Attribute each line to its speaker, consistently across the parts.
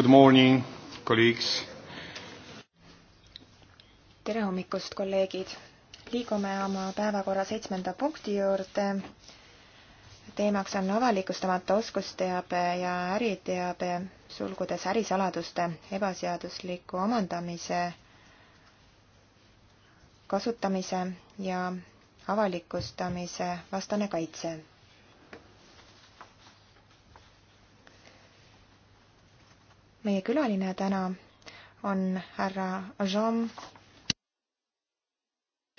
Speaker 1: Good morning, colleagues.
Speaker 2: tere hommikust, kolleegid. liigume oma päevakorra seitsmenda punkti juurde. teemaks on avalikustamata oskusteabe ja äriteabe, sulgudes ärisaladuste ebaseadusliku omandamise, kasutamise ja avalikustamise vastane kaitse meie külaline täna on härra Jean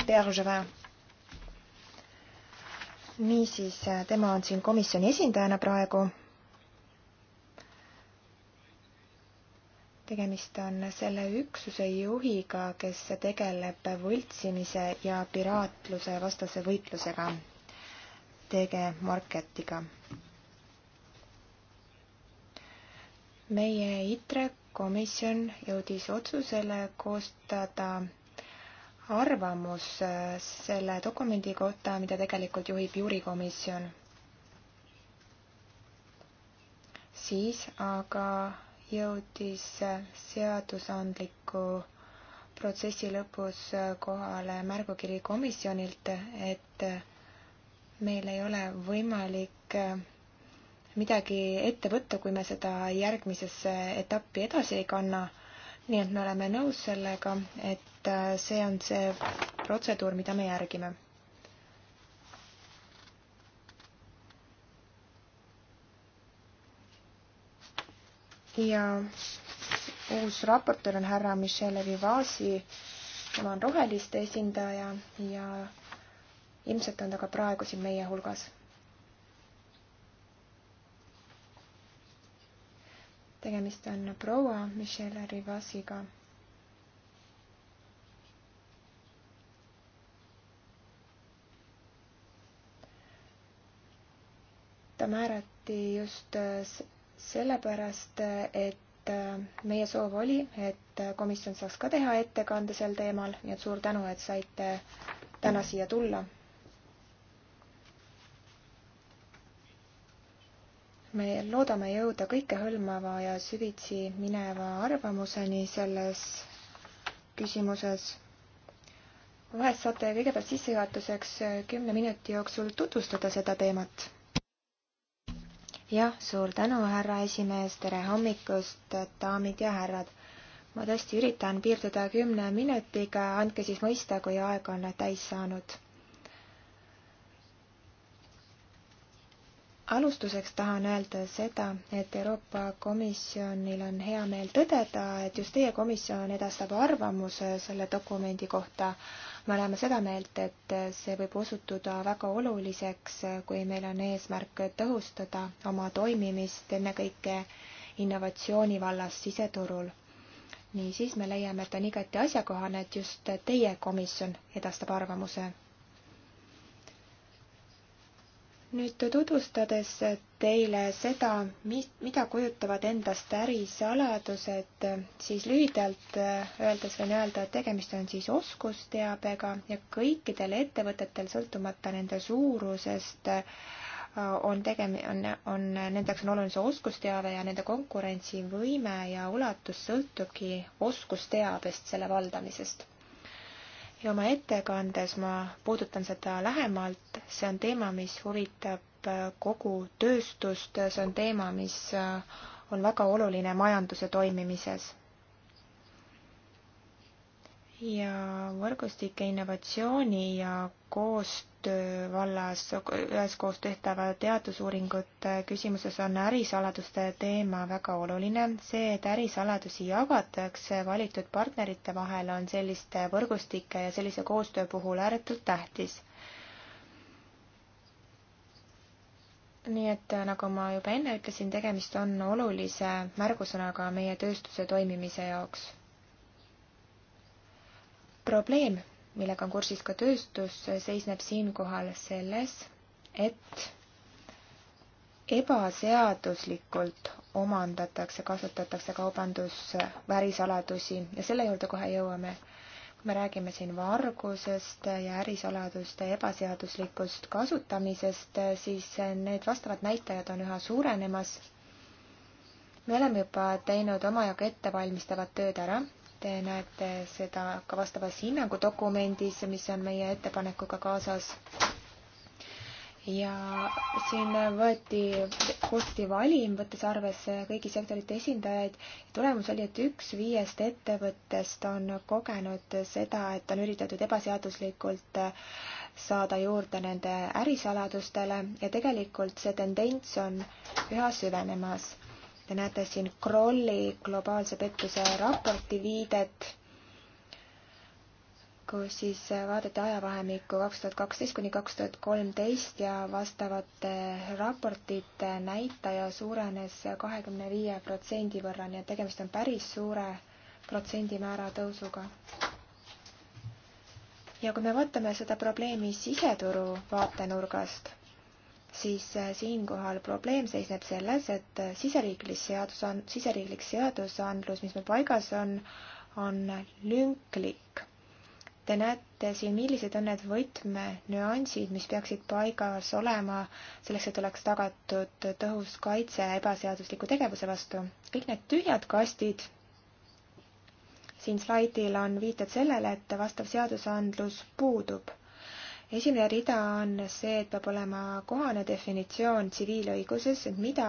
Speaker 2: Bergevin. niisiis, tema on siin komisjoni esindajana praegu. tegemist on selle üksuse juhiga, kes tegeleb võltsimise ja piraatluse vastase võitlusega, Tege Marketiga meie ITRE komisjon jõudis otsusele koostada arvamus äh, selle dokumendi kohta, mida tegelikult juhib juurikomisjon. siis aga jõudis äh, seadusandliku protsessi lõpus äh, kohale märgukiri komisjonilt, et meil ei ole võimalik midagi ette võtta, kui me seda järgmisesse etappi edasi ei kanna. nii et me oleme nõus sellega, et äh, see on see protseduur, mida me järgime. ja uus raportöör on härra Michele Vivasi, tema on roheliste esindaja ja ilmselt on ta ka praegu siin meie hulgas tegemist on proua Michelle Rivasiga. ta määrati just sellepärast, et meie soov oli, et komisjon saaks ka teha ettekande sel teemal, nii et suur tänu, et saite täna siia tulla me loodame jõuda kõikehõlmava ja süvitsi mineva arvamuseni selles küsimuses. vahest saate kõigepealt sissejuhatuseks kümne minuti jooksul tutvustada seda teemat. jah, suur tänu, härra esimees, tere hommikust, daamid ja härrad. ma tõesti üritan piirduda kümne minutiga, andke siis mõista, kui aeg on täis saanud alustuseks tahan öelda seda, et Euroopa Komisjonil on hea meel tõdeda, et just teie komisjon edastab arvamuse selle dokumendi kohta. me oleme seda meelt, et see võib osutuda väga oluliseks, kui meil on eesmärk tõhustada oma toimimist ennekõike innovatsiooni vallas siseturul. niisiis me leiame, et on igati asjakohane, et just teie komisjon edastab arvamuse nüüd tutvustades teile seda, mida kujutavad endast ärisaladused, siis lühidalt äh, öeldes võin öelda, et tegemist on siis oskusteabega ja kõikidel ettevõtetel, sõltumata nende suurusest, äh, on tegem-, on, on, nendeks on oluline see oskusteave ja nende konkurentsivõime ja ulatus sõltubki oskusteabest, selle valdamisest ja oma ettekandes ma puudutan seda lähemalt, see on teema, mis huvitab äh, kogu tööstust, see on teema, mis äh, on väga oluline majanduse toimimises ja võrgustike innovatsiooni ja koostöö vallas üheskoos tehtava teadusuuringute küsimuses on ärisaladuste teema väga oluline. see, et ärisaladusi jagatakse valitud partnerite vahel, on selliste võrgustike ja sellise koostöö puhul ääretult tähtis nii et nagu ma juba enne ütlesin, tegemist on olulise märgusõnaga meie tööstuse toimimise jaoks probleem, millega on kursis ka tööstus, seisneb siinkohal selles, et ebaseaduslikult omandatakse, kasutatakse kaubandusvärisaladusi ja selle juurde kohe jõuame. kui me räägime siin vargusest ja ärisaladuste ebaseaduslikust kasutamisest, siis need vastavad näitajad on üha suurenemas. me oleme juba teinud omajagu ettevalmistavat tööd ära Te näete seda ka vastavas hinnangudokumendis, mis on meie ettepanekuga kaasas. ja siin võeti, koostati valim, võttes arvesse kõigi sektorite esindajaid. tulemus oli, et üks viiest ettevõttest on kogenud seda, et on üritatud ebaseaduslikult saada juurde nende ärisaladustele ja tegelikult see tendents on üha süvenemas Te näete siin Krolli globaalse pettuse raporti viidet, kus siis vaadati ajavahemikku kaks tuhat kaksteist kuni kaks tuhat kolmteist ja vastavate raportite näitaja suurenes kahekümne viie protsendi võrra, nii et tegemist on päris suure protsendimäära tõusuga. ja kui me vaatame seda probleemi siseturu vaatenurgast siis äh, siinkohal probleem seisneb selles, et äh, siseriiklik seadus on, siseriiklik seadusandlus, mis meil paigas on, on lünklik. Te näete siin, millised on need võtmenüansid, mis peaksid paigas olema selleks, et oleks tagatud tõhus kaitse ebaseadusliku tegevuse vastu. kõik need tühjad kastid siin slaidil on viited sellele, et vastav seadusandlus puudub esimene rida on see, et peab olema kohane definitsioon tsiviilõiguses, et mida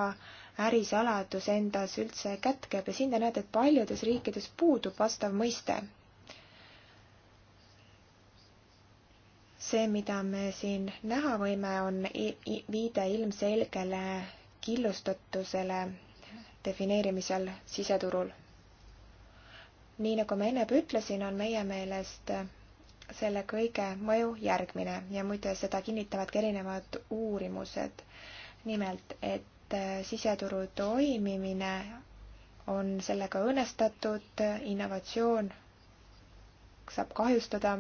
Speaker 2: ärisaladus endas üldse kätkeb ja siin te näete, et paljudes riikides puudub vastav mõiste. see, mida me siin näha võime, on viide ilmselgele killustatusele defineerimisel siseturul. nii nagu ma enne ütlesin, on meie meelest selle kõige mõju järgmine ja muide seda kinnitavad ka erinevad uurimused. nimelt, et äh, siseturu toimimine on sellega õõnestatud, innovatsioon saab kahjustada.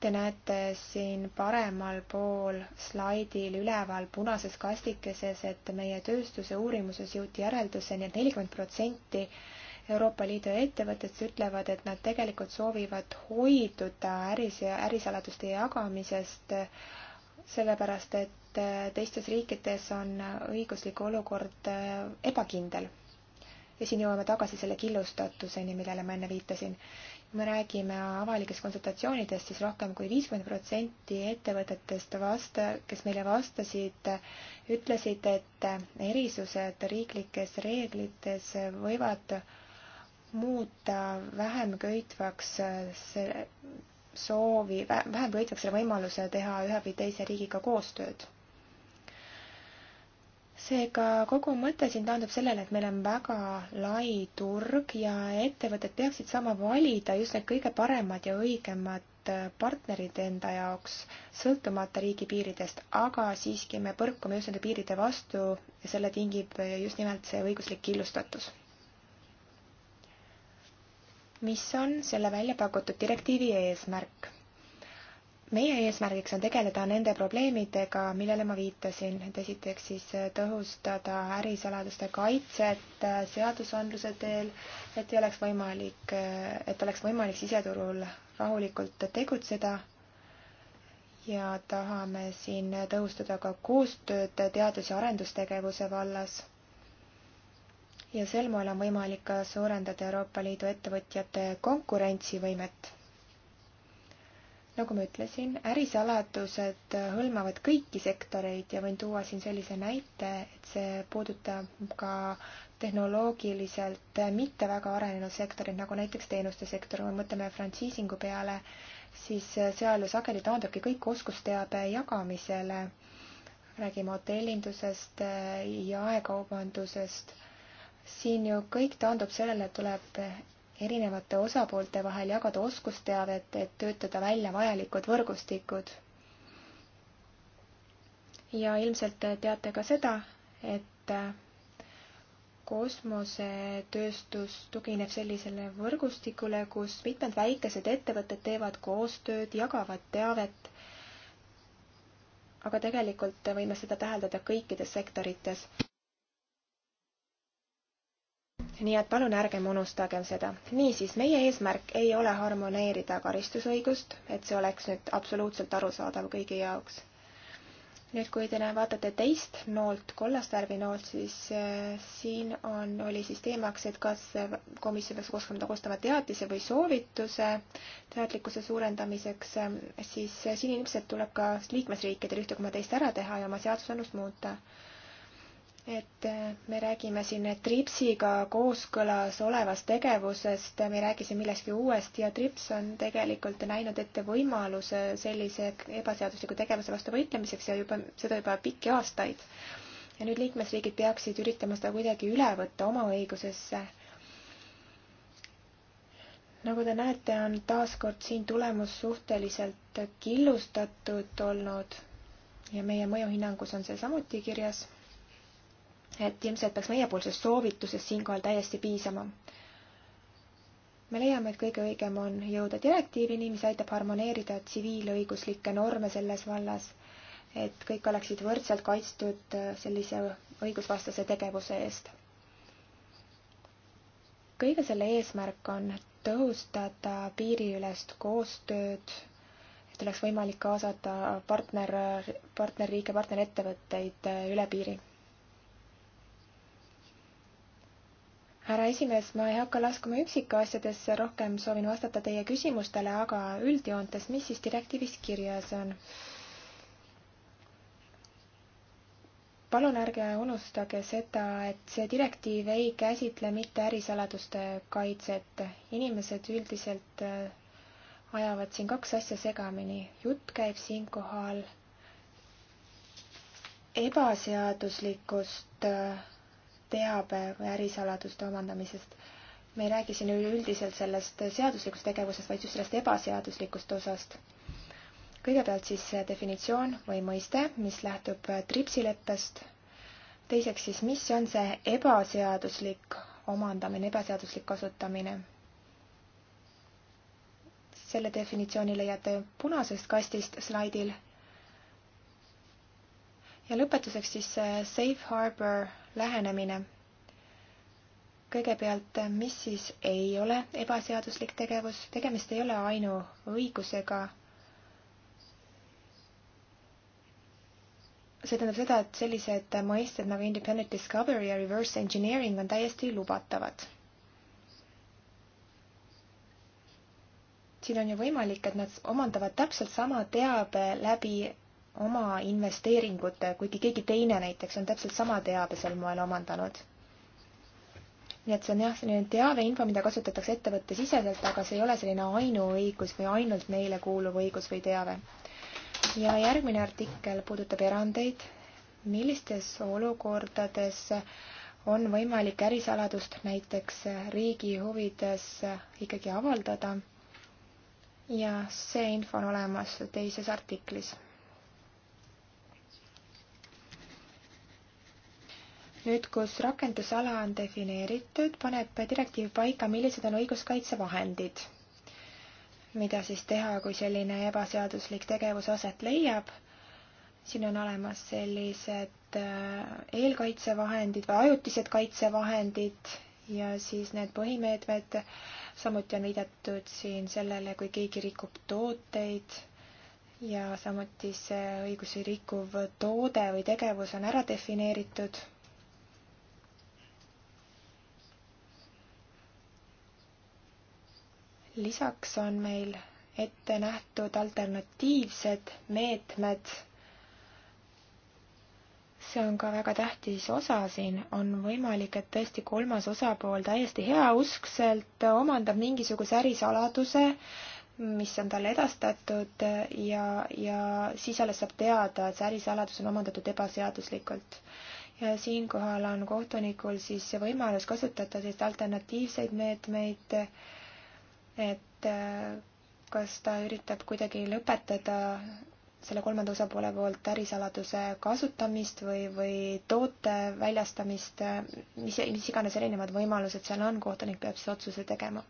Speaker 2: Te näete siin paremal pool slaidil üleval punases kastikeses, et meie tööstuse uurimuses jõuti järelduseni, et nelikümmend protsenti Euroopa Liidu ettevõttest ütlevad, et nad tegelikult soovivad hoiduda äris, ärisaladuste jagamisest, sellepärast et äh, teistes riikides on õiguslik olukord äh, ebakindel. ja siin jõuame tagasi selle killustatuseni, millele ma enne viitasin. kui me räägime avalikest konsultatsioonidest, siis rohkem kui viiskümmend protsenti ettevõtetest vasta, kes meile vastasid, ütlesid, et äh, erisused riiklikes reeglites võivad muuta vähem köitvaks äh, selle soovi, vähem köitvaks selle võimaluse teha ühe või teise riigiga koostööd. seega kogu mõte siin taandub sellele, et meil on väga lai turg ja ettevõtted peaksid saama valida just need kõige paremad ja õigemad äh, partnerid enda jaoks, sõltumata riigipiiridest, aga siiski me põrkume just nende piiride vastu ja selle tingib äh, just nimelt see õiguslik killustatus mis on selle välja pakutud direktiivi eesmärk. meie eesmärgiks on tegeleda nende probleemidega, millele ma viitasin, et esiteks siis tõhustada ärisaladuste kaitset seadusandluse teel, et ei oleks võimalik, et oleks võimalik siseturul rahulikult tegutseda ja tahame siin tõhustada ka koostööd teadus- ja arendustegevuse vallas ja sel moel on võimalik ka suurendada Euroopa Liidu ettevõtjate konkurentsivõimet. nagu ma ütlesin, ärisaladused hõlmavad kõiki sektoreid ja võin tuua siin sellise näite, et see puudutab ka tehnoloogiliselt mitte väga arenenud sektorid, nagu näiteks teenuste sektor, kui me mõtleme frantsiisingu peale, siis seal ju sageli taandubki kõik oskusteabe jagamisele. räägime hotellindusest, jaekaubandusest siin ju kõik taandub sellele, et tuleb erinevate osapoolte vahel jagada oskusteavet, et töötada välja vajalikud võrgustikud. ja ilmselt teate ka seda, et kosmosetööstus tugineb sellisele võrgustikule, kus mitmed väikesed ettevõtted teevad koostööd, jagavad teavet. aga tegelikult võime seda täheldada kõikides sektorites nii et palun ärgem unustagem seda. niisiis, meie eesmärk ei ole harmoneerida karistusõigust, et see oleks nüüd absoluutselt arusaadav kõigi jaoks. nüüd, kui te vaatate teist noolt, kollast värvi noolt, siis äh, siin on, oli siis teemaks, et kas komisjon peaks oskama koostama teatise või soovituse teadlikkuse suurendamiseks äh,, siis äh, siin ilmselt tuleb ka liikmesriikidel ühte koma teist ära teha ja oma seadusandlust muuta et äh, me räägime siin TRIPSiga kooskõlas olevast tegevusest, me ei räägi siin millestki uuest ja TRIPS on tegelikult näinud ette võimaluse sellise ebaseadusliku tegevuse vastu võitlemiseks ja juba, seda juba pikki aastaid. ja nüüd liikmesriigid peaksid üritama seda kuidagi üle võtta oma õigusesse. nagu te näete, on taaskord siin tulemus suhteliselt killustatud olnud ja meie mõjuhinnangus on see samuti kirjas et ilmselt peaks meiepoolsest soovitusest siinkohal täiesti piisama. me leiame, et kõige õigem on jõuda direktiivini, mis aitab harmoneerida tsiviilõiguslikke norme selles vallas, et kõik oleksid võrdselt kaitstud sellise õigusvastase tegevuse eest. kõige selle eesmärk on tõhustada piiriülest koostööd, et oleks võimalik kaasata partner, partnerriike, partnerettevõtteid üle piiri härra esimees, ma ei hakka laskuma üksikasjadesse, rohkem soovin vastata teie küsimustele, aga üldjoontes, mis siis direktiivis kirjas on? palun ärge unustage seda, et see direktiiv ei käsitle mitte ärisaladuste kaitset. inimesed üldiselt äh, ajavad siin kaks asja segamini. jutt käib siinkohal ebaseaduslikust äh, teabe või ärisaladuste omandamisest. me ei räägi siin üleüldiselt sellest seaduslikust tegevusest, vaid just sellest ebaseaduslikust osast. kõigepealt siis definitsioon või mõiste, mis lähtub TRIPS-i leppest. teiseks siis, mis on see ebaseaduslik omandamine, ebaseaduslik kasutamine selle definitsiooni leiate punasest kastist slaidil ja lõpetuseks siis äh, safe harbor lähenemine. kõigepealt, äh, mis siis ei ole ebaseaduslik tegevus, tegemist ei ole ainuõigusega. see tähendab seda, et sellised äh, mõisted nagu independent discovery ja reverse engineering on täiesti lubatavad. siin on ju võimalik, et nad omandavad täpselt sama teabe läbi oma investeeringut, kuigi keegi teine näiteks on täpselt sama teabe sel moel omandanud. nii et see on jah, selline teave, info, mida kasutatakse ettevõtte siseselt, aga see ei ole selline ainuõigus või ainult neile kuuluv õigus või teave. ja järgmine artikkel puudutab erandeid. millistes olukordades on võimalik ärisaladust näiteks riigi huvides ikkagi avaldada? ja see info on olemas teises artiklis nüüd, kus rakendusala on defineeritud, paneb direktiiv paika, millised on õiguskaitsevahendid, mida siis teha, kui selline ebaseaduslik tegevus aset leiab. siin on olemas sellised äh, eelkaitsevahendid või ajutised kaitsevahendid ja siis need põhimeetmed. samuti on viidatud siin sellele, kui keegi rikub tooteid ja samuti see õigusi rikkuv toode või tegevus on ära defineeritud lisaks on meil ette nähtud alternatiivsed meetmed. see on ka väga tähtis osa siin, on võimalik, et tõesti kolmas osapool täiesti heauskselt omandab mingisuguse ärisaladuse, mis on talle edastatud ja, ja siis alles saab teada, et see ärisaladus on omandatud ebaseaduslikult ja siinkohal on kohtunikul siis võimalus kasutada sellist alternatiivseid meetmeid meet, et äh, kas ta üritab kuidagi lõpetada selle kolmanda osapoole poolt ärisaladuse kasutamist või, või toote väljastamist, äh, mis, mis iganes erinevad võimalused seal on, kohtunik peab siis otsuse tegema.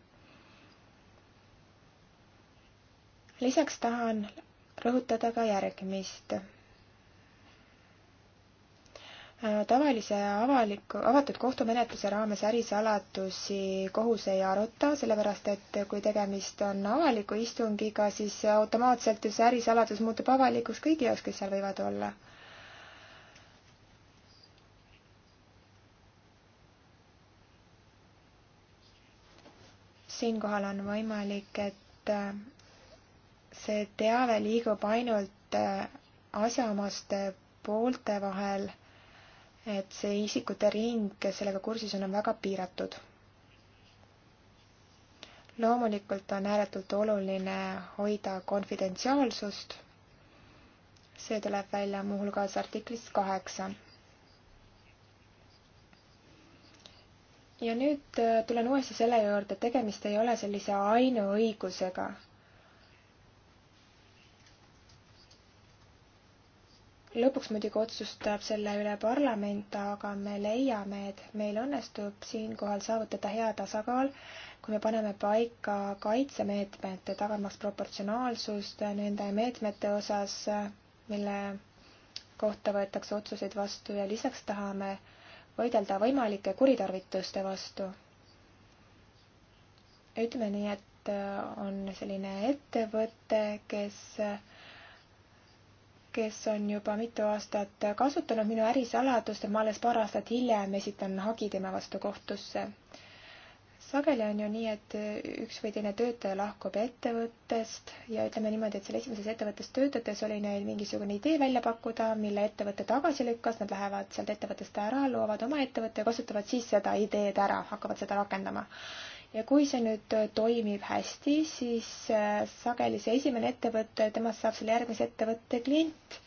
Speaker 2: lisaks tahan rõhutada ka järgmist Äh, tavalise avaliku, avatud kohtumenetluse raames ärisaladusi kohus ei aruta, sellepärast et kui tegemist on avaliku istungiga, siis automaatselt ju see ärisaladus muutub avalikuks kõigi jaoks, kes seal võivad olla. siinkohal on võimalik, et äh, see teave liigub ainult äh, asjaomaste poolte vahel et see isikute ring, kes sellega kursis on, on väga piiratud. loomulikult on ääretult oluline hoida konfidentsiaalsust. see tuleb välja muuhulgas artiklist kaheksa. ja nüüd äh, tulen uuesti selle juurde, et tegemist ei ole sellise ainuõigusega lõpuks muidugi otsustab selle üle parlament, aga me leiame, et meil õnnestub siinkohal saavutada hea tasakaal, kui me paneme paika kaitsemeetmed, tagamaks proportsionaalsust nende meetmete osas, mille kohta võetakse otsuseid vastu ja lisaks tahame võidelda võimalike kuritarvituste vastu. ütleme nii, et on selline ettevõte, kes kes on juba mitu aastat kasutanud minu ärisaladust ja ma alles paar aastat hiljem esitan hagi tema vastu kohtusse. sageli on ju nii, et üks või teine töötaja lahkub ettevõttest ja ütleme niimoodi, et seal esimeses ettevõttes töötades oli neil mingisugune idee välja pakkuda, mille ettevõte tagasi lükkas, nad lähevad sealt ettevõttest ära, loovad oma ettevõtte ja kasutavad siis seda ideed ära, hakkavad seda rakendama ja kui see nüüd äh, toimib hästi, siis äh, sageli see esimene ettevõte, temast saab selle järgmise ettevõtte klient.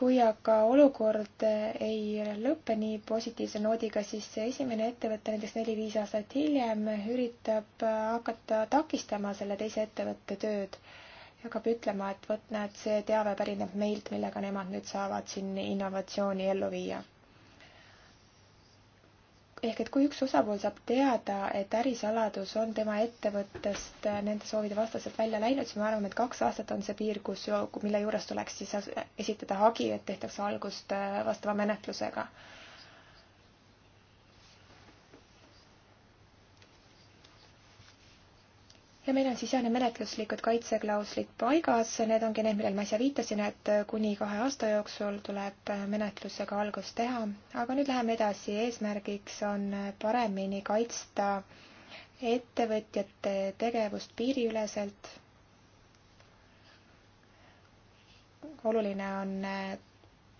Speaker 2: kui aga olukord äh, ei lõpe nii positiivse noodiga, siis see esimene ettevõte näiteks neli-viis aastat hiljem üritab hakata takistama selle teise ettevõtte tööd hakkab ütlema, et vot näed, see teave pärineb meilt, millega nemad nüüd saavad siin innovatsiooni ellu viia ehk et kui üks osapool saab teada, et ärisaladus on tema ettevõttest nende soovide vastaselt välja läinud, siis me arvame, et kaks aastat on see piir, kus, mille juures tuleks siis esitada hagi, et tehtaks algust äh, vastava menetlusega. ja meil on sisene menetluslikud kaitseklauslid paigas, need ongi need, millele ma äsja viitasin, et kuni kahe aasta jooksul tuleb menetlusega algust teha, aga nüüd läheme edasi, eesmärgiks on paremini kaitsta ettevõtjate tegevust piiriüleselt. oluline on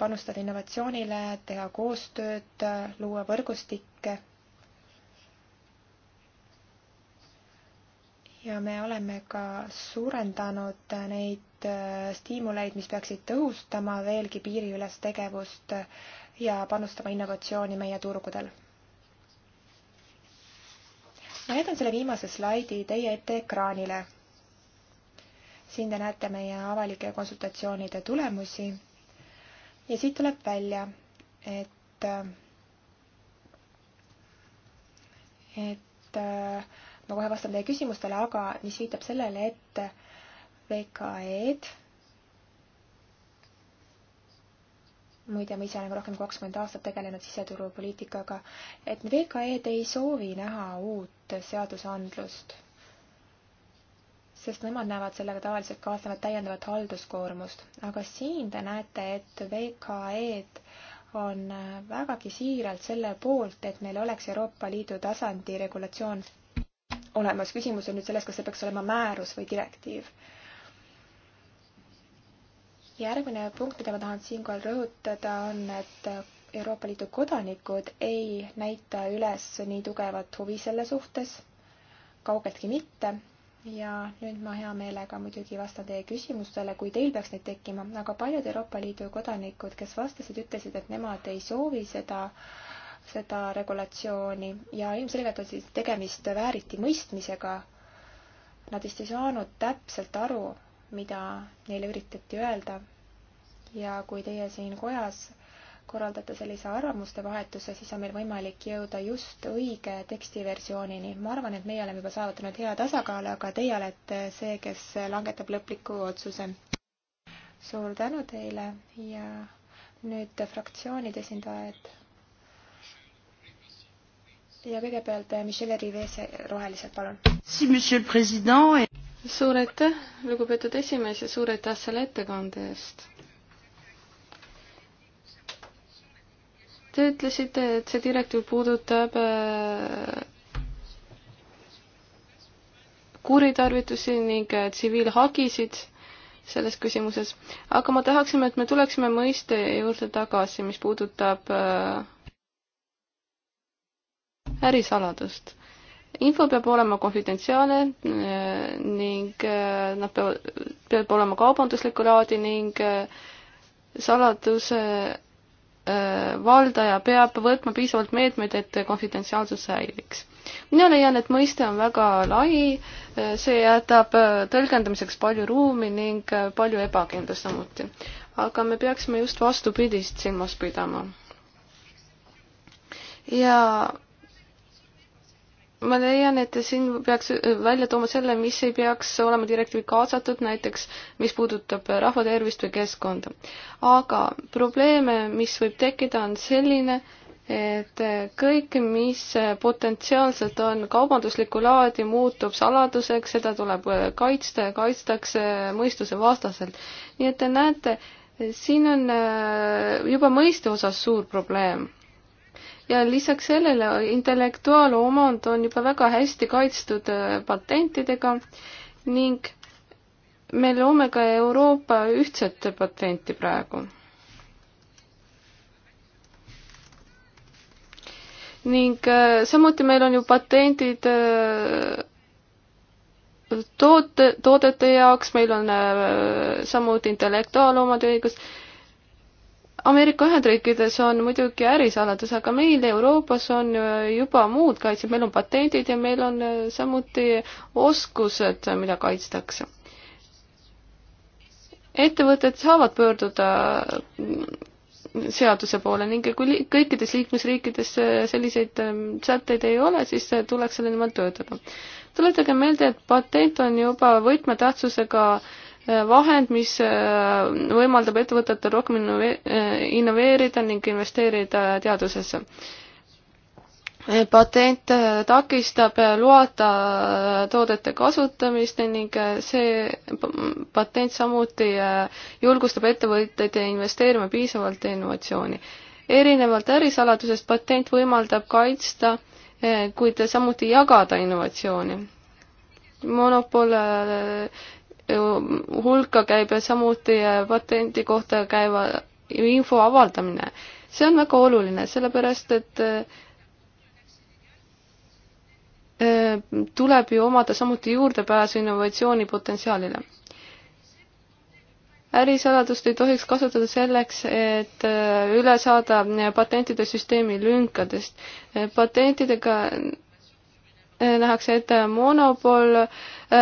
Speaker 2: panustada innovatsioonile, teha koostööd, luua võrgustikke ja me oleme ka suurendanud neid äh, stiimuleid, mis peaksid tõhustama veelgi piiriülest tegevust ja panustama innovatsiooni meie turgudel. ma jätan selle viimase slaidi teie ette ekraanile. siin te näete meie avalike konsultatsioonide tulemusi. ja siit tuleb välja, et äh, et äh, ma kohe vastan teie küsimustele, aga mis viitab sellele, et VKE-d muide, ma ise olen rohkem kui kakskümmend aastat tegelenud siseturupoliitikaga, et VKE-d ei soovi näha uut seadusandlust. sest nemad näevad sellega tavaliselt kaasnevat täiendavat halduskoormust, aga siin te näete, et VKE-d on vägagi siiralt selle poolt, et meil oleks Euroopa Liidu tasandi regulatsioon olemas. küsimus on nüüd selles, kas see peaks olema määrus või direktiiv. järgmine punkt, mida ma tahan siinkohal rõhutada, on, et Euroopa Liidu kodanikud ei näita üles nii tugevat huvi selle suhtes, kaugeltki mitte. ja nüüd ma hea meelega muidugi vastan teie küsimustele, kui teil peaks neid tekkima, aga paljud Euroopa Liidu kodanikud, kes vastasid, ütlesid, et nemad ei soovi seda äh, seda regulatsiooni ja ilmselgelt on siis tegemist vääriti mõistmisega. Nad vist ei saanud täpselt aru, mida neile üritati öelda. ja kui teie siin kojas korraldate sellise arvamuste vahetuse, siis on meil võimalik jõuda just õige tekstiversioonini. ma arvan, et meie oleme juba saavutanud hea tasakaalu, aga teie olete see, kes langetab lõpliku otsuse. suur tänu teile ja nüüd fraktsioonide esindajad ja kõigepealt eh, Michelle Rivese eh, rohelised, palun.
Speaker 3: suur aitäh, lugupeetud esimees ja suur aitäh selle ettekande eest. Te ütlesite, et see direktiiv puudutab äh, kuritarvitusi ning äh, tsiviilhagisid selles küsimuses, aga ma tahaksime, et me tuleksime mõiste juurde tagasi, mis puudutab äh, ärisaladust. info peab olema konfidentsiaalne eh, ning eh, nad peavad, peab olema kaubanduslikku laadi ning eh, saladuse valdaja peab võtma piisavalt meetmeid, et konfidentsiaalsus säiliks. mina leian, et mõiste on väga lai, see jätab tõlgendamiseks palju ruumi ning palju ebakindlust samuti. aga me peaksime just vastupidist silmas pidama. ja ma leian, et siin peaks äh, välja tooma selle, mis ei peaks olema direktiivi kaasatud, näiteks mis puudutab äh, rahva tervist või keskkonda. aga probleeme, mis võib tekkida, on selline, et äh, kõik, mis potentsiaalselt on kaubanduslikku laadi, muutub saladuseks, seda tuleb kaitsta ja kaitstakse mõistuse vastaselt. nii et te näete, siin on juba mõiste osas suur probleem ja lisaks sellele intellektuaalomand on juba väga hästi kaitstud äh, patentidega ning me loome ka Euroopa ühtset patenti praegu. ning äh, samuti meil on ju patendid äh, toote, toodete jaoks, meil on samuti intellektuaalomandi õigus Ameerika Ühendriikides on muidugi ärisaladus, aga meil Euroopas on juba muud kaitsed, meil on patendid ja meil on äh, samuti oskused, mida kaitstakse. ettevõtted saavad pöörduda mm, seaduse poole ning kui kõikides liikmesriikides äh, selliseid ähm, sätteid ei ole, siis äh, tuleks selle nimel töötada. tuletage meelde, et patent on juba võtmetähtsusega äh, vahend, mis äh, võimaldab ettevõtetel rohkem äh, innoveerida ning investeerida teadusesse. Äh, patent takistab loata toodete kasutamist ning see patent samuti julgustab ettevõtteid investeerima piisavalt innovatsiooni. erinevalt ärisaladusest patent võimaldab kaitsta, kuid samuti jagada innovatsiooni monopol hulka käib samuti äh, patendi kohta käiva info avaldamine. see on väga oluline, sellepärast et äh, äh, tuleb ju omada samuti juurdepääsu innovatsioonipotentsiaalile. ärisaladust ei tohiks kasutada selleks, et üle saada patentide süsteemi lünkadest. patentidega Eh, nähakse ette monopol eh,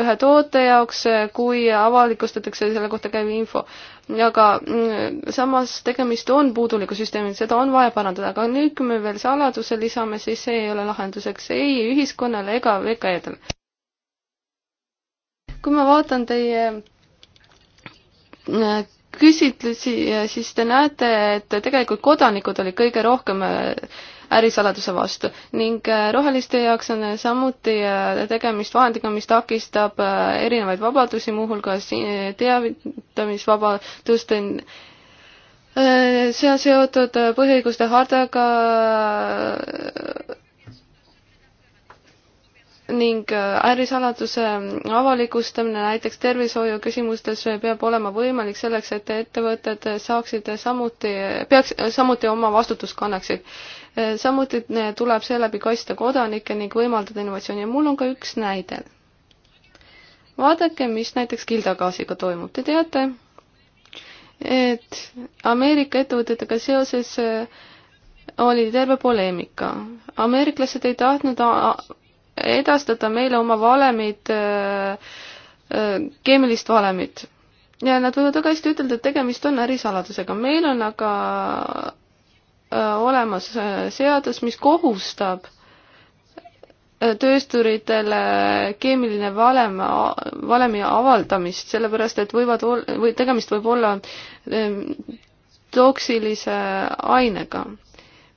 Speaker 3: ühe toote jaoks, eh, kui avalikustatakse selle kohta käiv info. aga mm, samas tegemist on puuduliku süsteemiga, seda on vaja parandada, aga nüüd, kui me veel saladuse lisame, siis see ei ole lahenduseks ei ühiskonnale ega VKE-dele. kui ma vaatan teie küsitlusi, siis te näete, et tegelikult kodanikud olid kõige rohkem ärisaladuse vastu. ning äh, roheliste jaoks on äh, samuti äh, tegemist vahendiga, mis takistab erinevaid vabadusi, muuhulgas teavitamisvabadust, see on seotud põhiõiguste hardaga ning ärisaladuse mm, avalikustamine näiteks tervishoiu küsimustes peab olema võimalik selleks, et ettevõtted saaksid samuti, peaks samuti oma vastutust kannaksid samuti eh, tuleb seeläbi kaitsta kodanikke ning võimaldada innovatsiooni ja mul on ka üks näide. vaadake, mis näiteks kildagaasiga toimub, te teate, et Ameerika ettevõtetega seoses eh, oli terve poleemika. ameeriklased ei tahtnud edastada meile oma valemid, eh, keemilist valemit. ja nad võivad väga hästi ütelda, et tegemist on ärisaladusega. meil on aga Äh, olemas äh, seadus, mis kohustab äh, töösturitele keemiline valem, valemi avaldamist, sellepärast et võivad ol-, või tegemist võib olla ähm, toksilise ainega.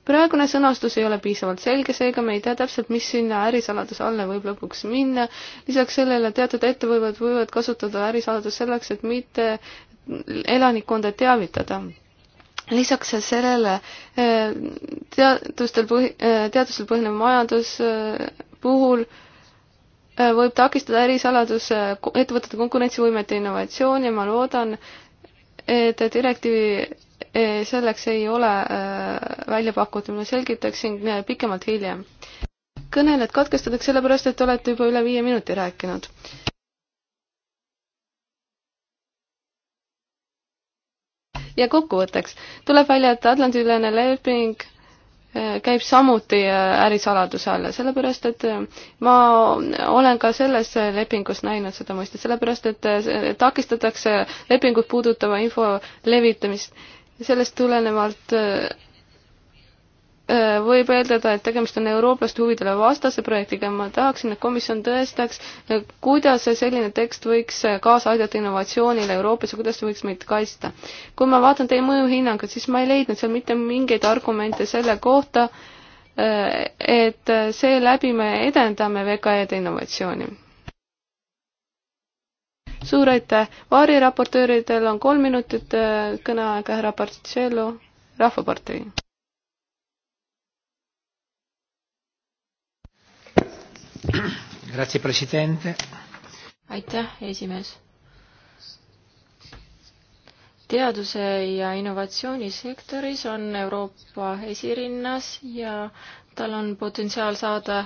Speaker 3: praegune sõnastus ei ole piisavalt selge, seega me ei tea täpselt, mis sinna ärisaladuse alla võib lõpuks minna. lisaks sellele teatud ettevõtted võivad kasutada ärisaladust selleks, et mitte elanikkonda teavitada lisaks sellele äh, teadustel põhi, äh, teadustel põhinev majandus äh, puhul võib takistada ärisaladuse ettevõtete konkurentsivõimet ja innovatsiooni ja ma loodan, et direktiivi selleks ei ole välja pakutud, ma selgitaksin pikemalt hiljem. kõneled katkestatakse sellepärast, et olete juba üle viie minuti rääkinud ja kokkuvõtteks tuleb välja, et Atlandi-ülene leping äh, käib samuti äh, ärisaladuse alla, sellepärast et äh, ma olen ka selles lepingus näinud seda mõistet, sellepärast et takistatakse lepingut puudutava info levitamist. sellest tulenevalt Äh, võib eeldada, et tegemist on eurooplaste huvidele vastase projektiga ja ma tahaksin, et komisjon tõestaks, äh, kuidas selline tekst võiks äh, kaasa aidata innovatsioonile Euroopas ja kuidas see võiks meid kaitsta. kui ma vaatan teie mõjuhinnangut, siis ma ei leidnud seal mitte mingeid argumente selle kohta, et seeläbi me edendame VKE-de innovatsiooni. suur aitäh, variraportööridel on kolm minutit kõneaega, härra Barcello, Rahvapartei.
Speaker 4: aitäh, esimees. teaduse ja innovatsioonisektoris on Euroopa esirinnas ja tal on potentsiaal saada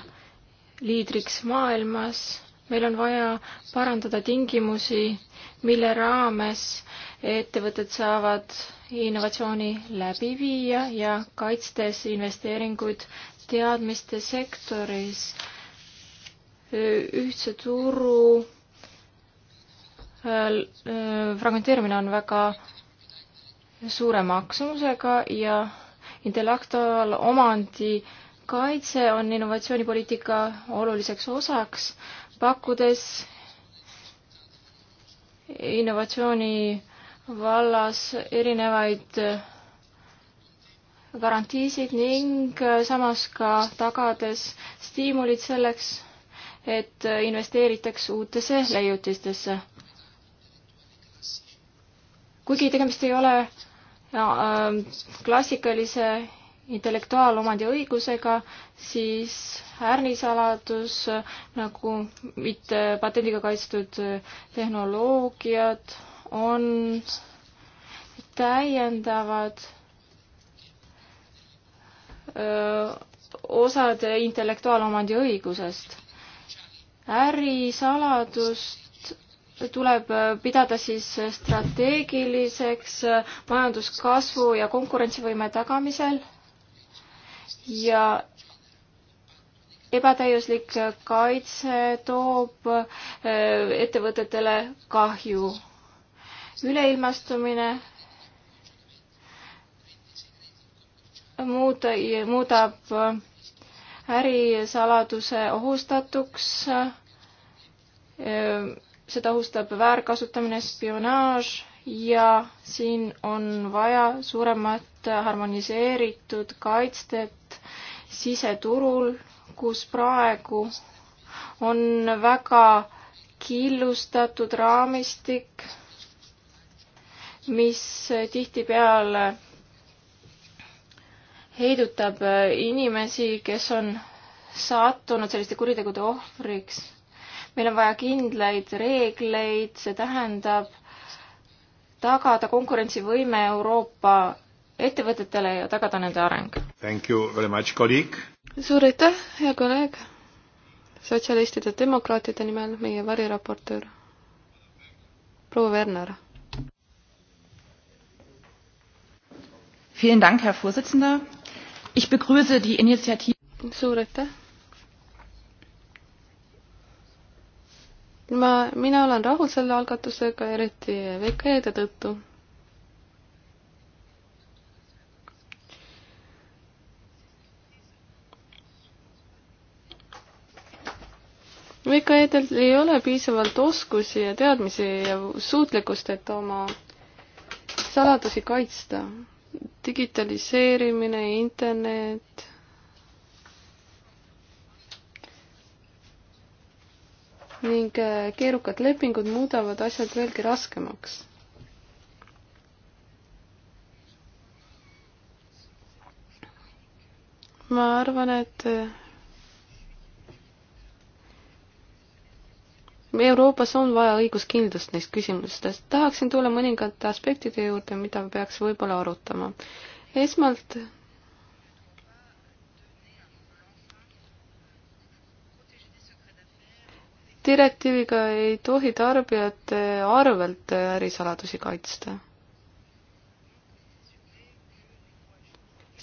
Speaker 4: liidriks maailmas. meil on vaja parandada tingimusi, mille raames ettevõtted saavad innovatsiooni läbi viia ja kaitstes investeeringuid teadmiste sektoris ühtse turu äh, äh, fragmenteerimine on väga suure maksumusega ja intellektuaalomandi kaitse on innovatsioonipoliitika oluliseks osaks, pakkudes innovatsiooni vallas erinevaid äh, garantiisid ning samas ka tagades stiimulid selleks, et investeeritaks uutesse leiutistesse. kuigi tegemist ei ole no, ähm, klassikalise intellektuaalomandi õigusega, siis ärnisaladus nagu mitte patendiga kaitstud tehnoloogiad on täiendavad öö, äh, osad intellektuaalomandi õigusest ärisaladust tuleb pidada siis strateegiliseks majanduskasvu ja konkurentsivõime tagamisel ja ebatäiuslik kaitse toob äh, ettevõtetele kahju. üleilmastumine muud, muudab ärisaladuse ohustatuks. Ehm, seda ohustab väärkasutamine, spionaaž ja siin on vaja suuremat harmoniseeritud kaitstet siseturul, kus praegu on väga killustatud raamistik, mis tihtipeale heidutab äh, inimesi, kes on sattunud selliste kuritegude ohvriks. meil on vaja kindlaid reegleid, see tähendab tagada konkurentsivõime
Speaker 3: Euroopa ettevõtetele ja tagada nende areng. suur aitäh, hea kolleeg! sotsialistide demokraatide nimel meie variraportöör proua Werner. Vielen Dank, Herr Vorsitzender. Ich begrüße die Initiative. Suur aitäh. ma, mina olen rahul selle algatusega, eriti VKE-de tõttu. VKE-del ei ole piisavalt oskusi ja teadmisi ja suutlikkust, et oma saladusi kaitsta digitaliseerimine, internet. ning äh, keerukad lepingud muudavad asjad veelgi raskemaks. ma arvan, et äh, Euroopas on vaja õiguskindlust neist küsimustest. tahaksin tulla mõningate aspektide juurde, mida peaks võib-olla arutama. esmalt direktiiviga ei tohi tarbijate arvelt ärisaladusi kaitsta.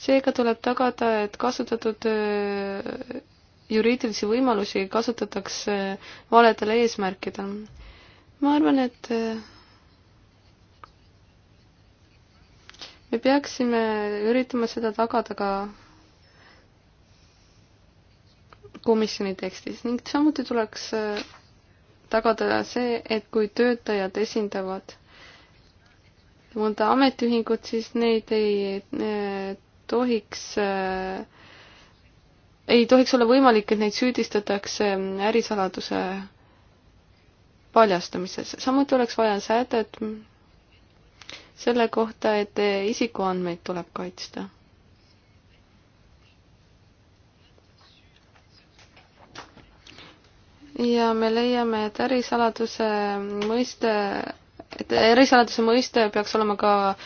Speaker 3: seega tuleb tagada, et kasutatud juriidilisi võimalusi kasutatakse valedel eesmärkidel. ma arvan, et me peaksime üritama seda tagada ka komisjoni tekstis ning samuti tuleks äh, tagada see, et kui töötajad esindavad mõnda ametiühingut, siis neid ei äh, tohiks äh, ei tohiks olla võimalik, et neid süüdistatakse ärisaladuse paljastamises. samuti oleks vaja sätet selle kohta, et isikuandmeid tuleb kaitsta. ja me leiame, et ärisaladuse mõiste, et ärisaladuse mõiste peaks olema ka äh,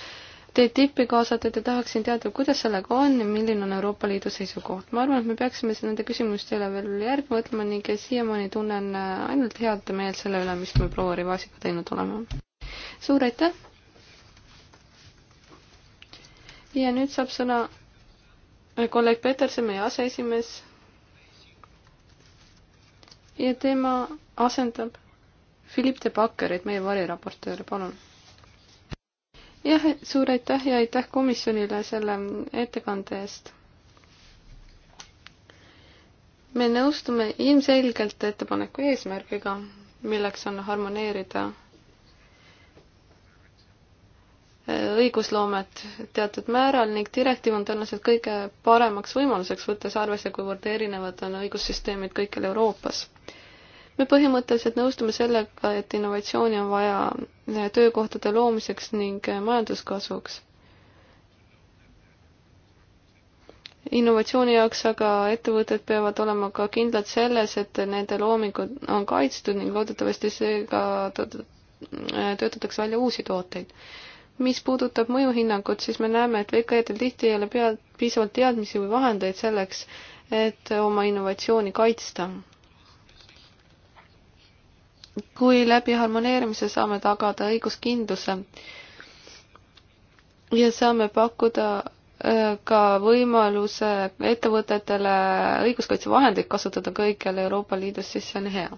Speaker 3: TTIP-i kaasatut ja tahaksin teada, kuidas sellega on ja milline on Euroopa Liidu seisukoht. ma arvan, et me peaksime nende küsimustele veel järgi mõtlema ning siiamaani tunnen äh, ainult head meelt selle üle, mis me proua Rivasiga teinud oleme. suur aitäh! ja nüüd saab sõna äh, kolleeg Peterson, meie aseesimees. ja tema asendab Philipp de Bakkerit, meie variraportööri, palun jah, suur aitäh ja aitäh komisjonile selle ettekande eest. me nõustume ilmselgelt ettepaneku eesmärgiga, milleks on harmoneerida õigusloomet teatud määral ning direktiiv on tõenäoliselt kõige paremaks võimaluseks, võttes arvesse, kuivõrd erinevad on õigussüsteemid kõikjal Euroopas me põhimõtteliselt nõustume sellega, et innovatsiooni on vaja eh, töökohtade loomiseks ning eh, majanduskasvuks. innovatsiooni jaoks aga ettevõtted peavad olema ka kindlad selles, et nende loomingud on kaitstud ning loodetavasti seega eh, töötatakse välja uusi tooteid. mis puudutab mõjuhinnangut, siis me näeme, et VKE-del tihti ei ole pea, piisavalt teadmisi või vahendeid selleks, et oma innovatsiooni kaitsta kui läbi harmoneerimise saame tagada õiguskindluse ja saame pakkuda äh, ka võimaluse ettevõtetele õiguskaitsevahendeid kasutada kõikjal Euroopa Liidus, siis see on hea.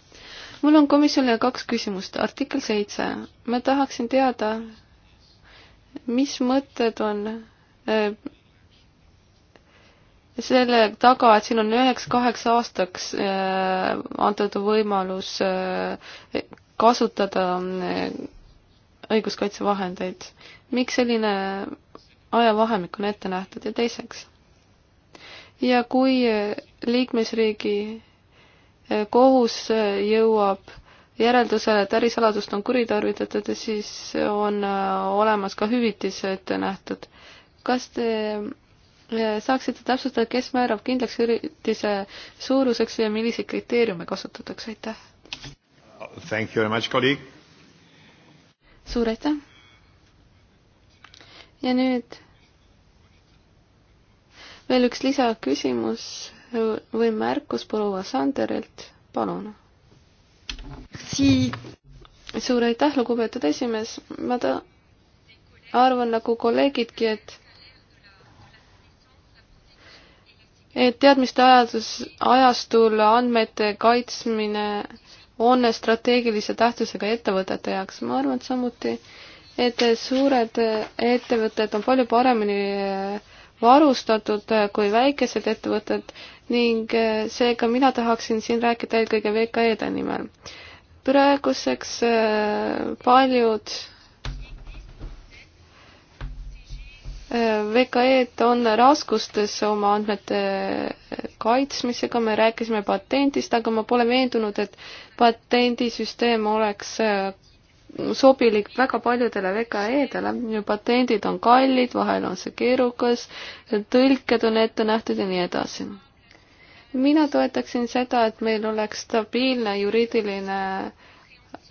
Speaker 3: mul on komisjonile kaks küsimust. artikkel seitse. ma tahaksin teada, mis mõtted on äh, selle taga, et siin on üheks-kaheks aastaks äh, antud võimalus äh, kasutada äh, õiguskaitsevahendeid. miks selline ajavahemik on ette nähtud ja teiseks? ja kui liikmesriigi kohus jõuab järeldusele, et ärisaladust on kuritarvitatud, siis on olemas ka hüvitis ette nähtud. kas te saaksite täpsustada, kes määrab kindlaks hüvitise suuruseks ja milliseid kriteeriume kasutatakse, aitäh! Thank you very much, kolleeg! suur aitäh! ja nüüd veel üks lisaküsimus või märkus Polova Sanderilt, palun! suur aitäh, lugupeetud esimees, ma ta-, arvan nagu kolleegidki, et et teadmiste ajadus, ajastul andmete kaitsmine on strateegilise tähtsusega ettevõtete jaoks, ma arvan et samuti, et suured ettevõtted on palju paremini eh, varustatud eh, kui väikesed ettevõtted ning eh, seega mina tahaksin siin rääkida eelkõige VKE-de nimel. praeguseks paljud VKE-d on raskustes oma andmete kaitsmisega, me rääkisime patendist, aga ma pole veendunud, et patendisüsteem oleks äh, sobilik väga paljudele VKE-dele. patendid on kallid, vahel on see keerukas, tõlked on ette nähtud ja nii edasi. mina toetaksin seda, et meil oleks stabiilne juriidiline äh,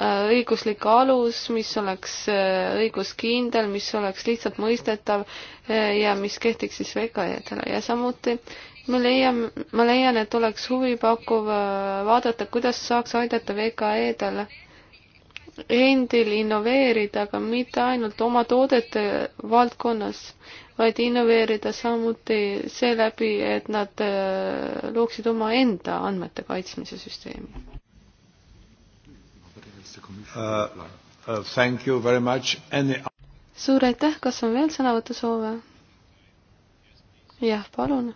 Speaker 3: Äh, õiguslik alus, mis oleks äh, õiguskindel, mis oleks lihtsalt mõistetav äh, ja mis kehtiks siis VKE-dele ja samuti ma leian, ma leian, et oleks huvipakkuv vaadata, kuidas saaks aidata VKE-del endil innoveerida, aga mitte ainult oma toodete valdkonnas, vaid innoveerida samuti seeläbi, et nad looksid omaenda andmete kaitsmise süsteemi
Speaker 1: uh, uh, thank you very much Any....
Speaker 3: suur aitäh, kas on veel sõnavõtusoove? jah, palun.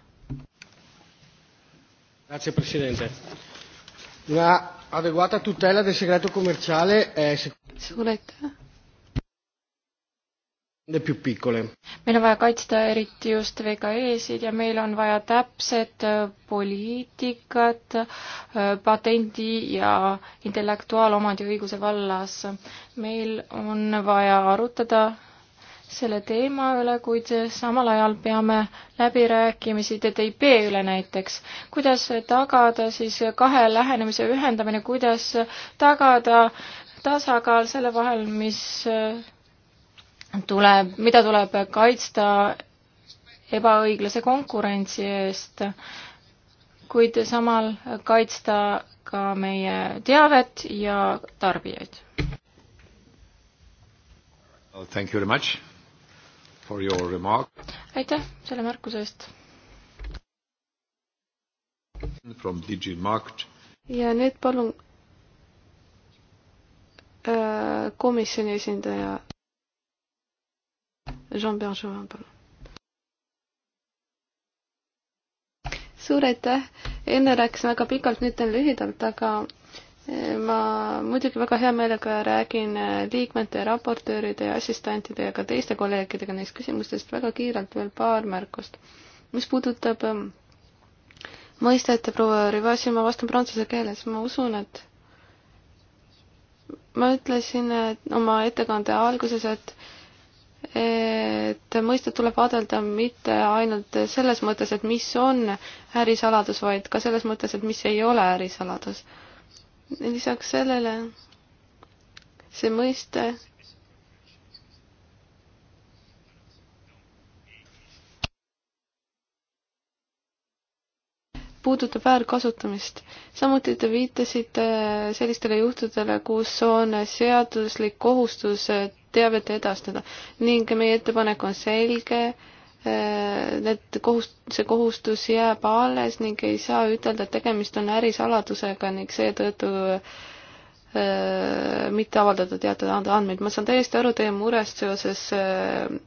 Speaker 1: Grazie Presidente. Una adeguata tutela del segreto commerciale è... Eh, suur aitäh meil
Speaker 4: on vaja kaitsta eriti just VKE-sid ja meil on vaja täpset äh, poliitikat äh, patendi ja intellektuaalomandi õiguse vallas. meil on vaja arutada selle teema üle, kuid samal ajal peame läbirääkimisi TTIP üle näiteks. kuidas tagada siis kahe lähenemise ühendamine, kuidas tagada tasakaal selle vahel, mis äh, tuleb, mida tuleb kaitsta ebaõiglase konkurentsi eest, kuid samal kaitsta ka meie teavet ja tarbijaid
Speaker 1: well,. Thank you very much for your remark.
Speaker 3: aitäh selle märkuse eest.
Speaker 1: From Digimarkt.
Speaker 3: ja nüüd palun äh, komisjoni esindaja Jean Bergeron, palun. suur aitäh, enne rääkisin väga pikalt, nüüd teen lühidalt, aga eh, ma muidugi väga hea meelega räägin eh, liikmete, raportööride ja assistentide ja ka teiste kolleegidega neist küsimustest väga kiirelt veel paar märkust. mis puudutab eh, mõistet, proua Rivasi, ma vastan prantsuse keeles, ma usun, et ma ütlesin et oma ettekande alguses, et et mõistet tuleb vaadelda mitte ainult selles mõttes, et mis on ärisaladus, vaid ka selles mõttes, et mis ei ole ärisaladus. lisaks sellele see mõiste puudutab väärkasutamist. samuti te viitasite sellistele juhtudele, kus on seaduslik kohustus teavet edastada ning meie ettepanek on selge, need eh, kohust-, see kohustus jääb alles ning ei saa ütelda, et tegemist on ärisaladusega ning seetõttu Äh, mitte avaldada teatud andmeid. ma saan täiesti aru teie murest seoses äh,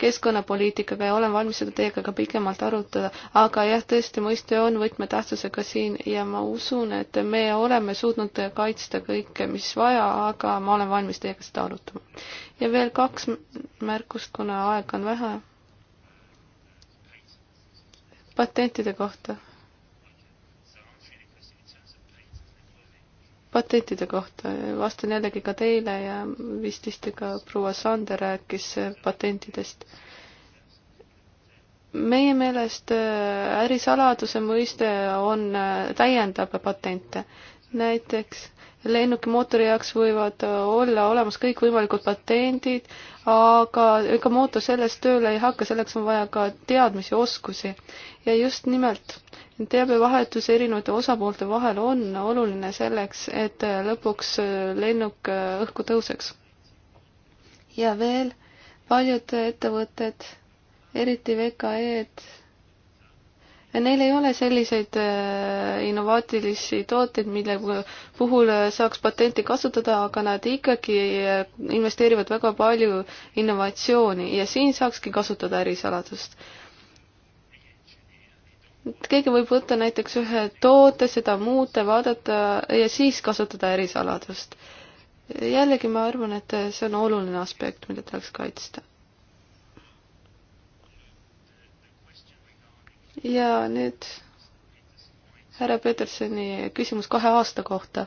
Speaker 3: keskkonnapoliitikaga ja olen valmis seda teiega ka pikemalt arutada, aga jah, tõesti, mõiste on võtmetähtsusega siin ja ma usun, et me oleme suutnud kaitsta kõike, mis vaja, aga ma olen valmis teiega seda arutama. ja veel kaks märkust, kuna aega on vähe. patentide kohta patentide kohta vastan jällegi ka teile ja vist vist ka proua Sander rääkis patentidest. meie meelest äh, ärisaladuse mõiste on, äh, täiendab patente. näiteks lennukimootori jaoks võivad äh, olla olemas kõikvõimalikud patendid, aga ega mootor selles tööle ei hakka, selleks on vaja ka teadmisi, oskusi. ja just nimelt teabevahetus erinevate osapoolte vahel on oluline selleks, et äh, lõpuks äh, lennuk õhku tõuseks. ja veel paljud ettevõtted, eriti VKE-d, Neil ei ole selliseid äh, innovaatilisi tooteid, mille puhul äh, saaks patenti kasutada, aga nad ikkagi äh, investeerivad väga palju innovatsiooni ja siin saakski kasutada ärisaladust keegi võib võtta näiteks ühe toote, seda muuta, vaadata ja siis kasutada ärisaladust. jällegi ma arvan, et see on oluline aspekt, mida tuleks kaitsta. ja nüüd härra Petersoni küsimus kahe aasta kohta.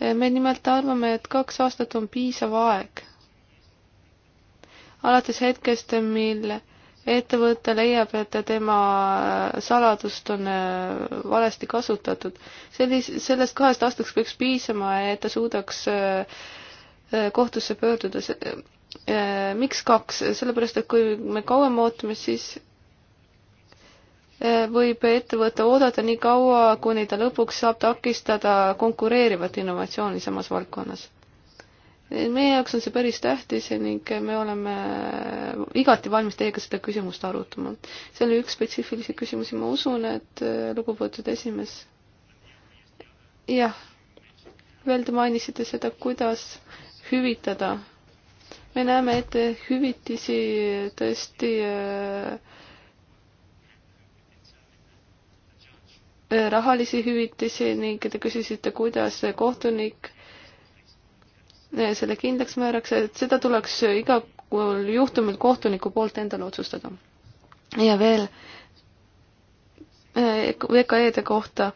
Speaker 3: Eh, me nimelt arvame, et kaks aastat on piisav aeg. alates hetkest, mil ettevõte leiab, et tema saladust on eh, valesti kasutatud. sellis-, sellest kahest aastast peaks piisama, et ta suudaks eh, kohtusse pöörduda. miks kaks? sellepärast, et kui me kauem ootame, siis võib ettevõte oodata nii kaua, kuni ta lõpuks saab takistada konkureerivat innovatsiooni samas valdkonnas. meie jaoks on see päris tähtis ning me oleme igati valmis teiega seda küsimust arutama. see oli üks spetsiifilisi küsimusi, ma usun, et äh, lugupeetud esimees. jah, veel te mainisite seda, kuidas hüvitada. me näeme ette hüvitisi tõesti äh, rahalisi hüvitisi ning te küsisite, kuidas kohtunik eh, selle kindlaks määraks, et seda tuleks igal juhtumil kohtuniku poolt endale otsustada. ja veel eh, VKE-de kohta,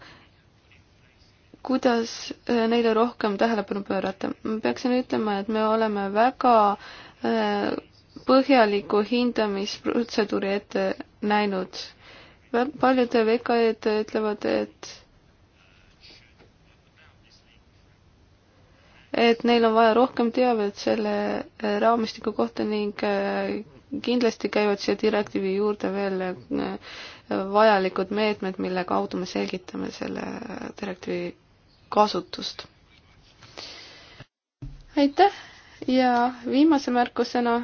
Speaker 3: kuidas eh, neile rohkem tähelepanu pöörata. ma peaksin ütlema, et me oleme väga põhjaliku hindamisprotseduuri ette näinud paljud VKE-d ütlevad, et et neil on vaja rohkem teavet selle äh, raamistiku kohta ning äh, kindlasti käivad siia direktiivi juurde veel äh, vajalikud meetmed, mille kaudu me selgitame selle direktiivi kasutust. aitäh ja viimase märkusena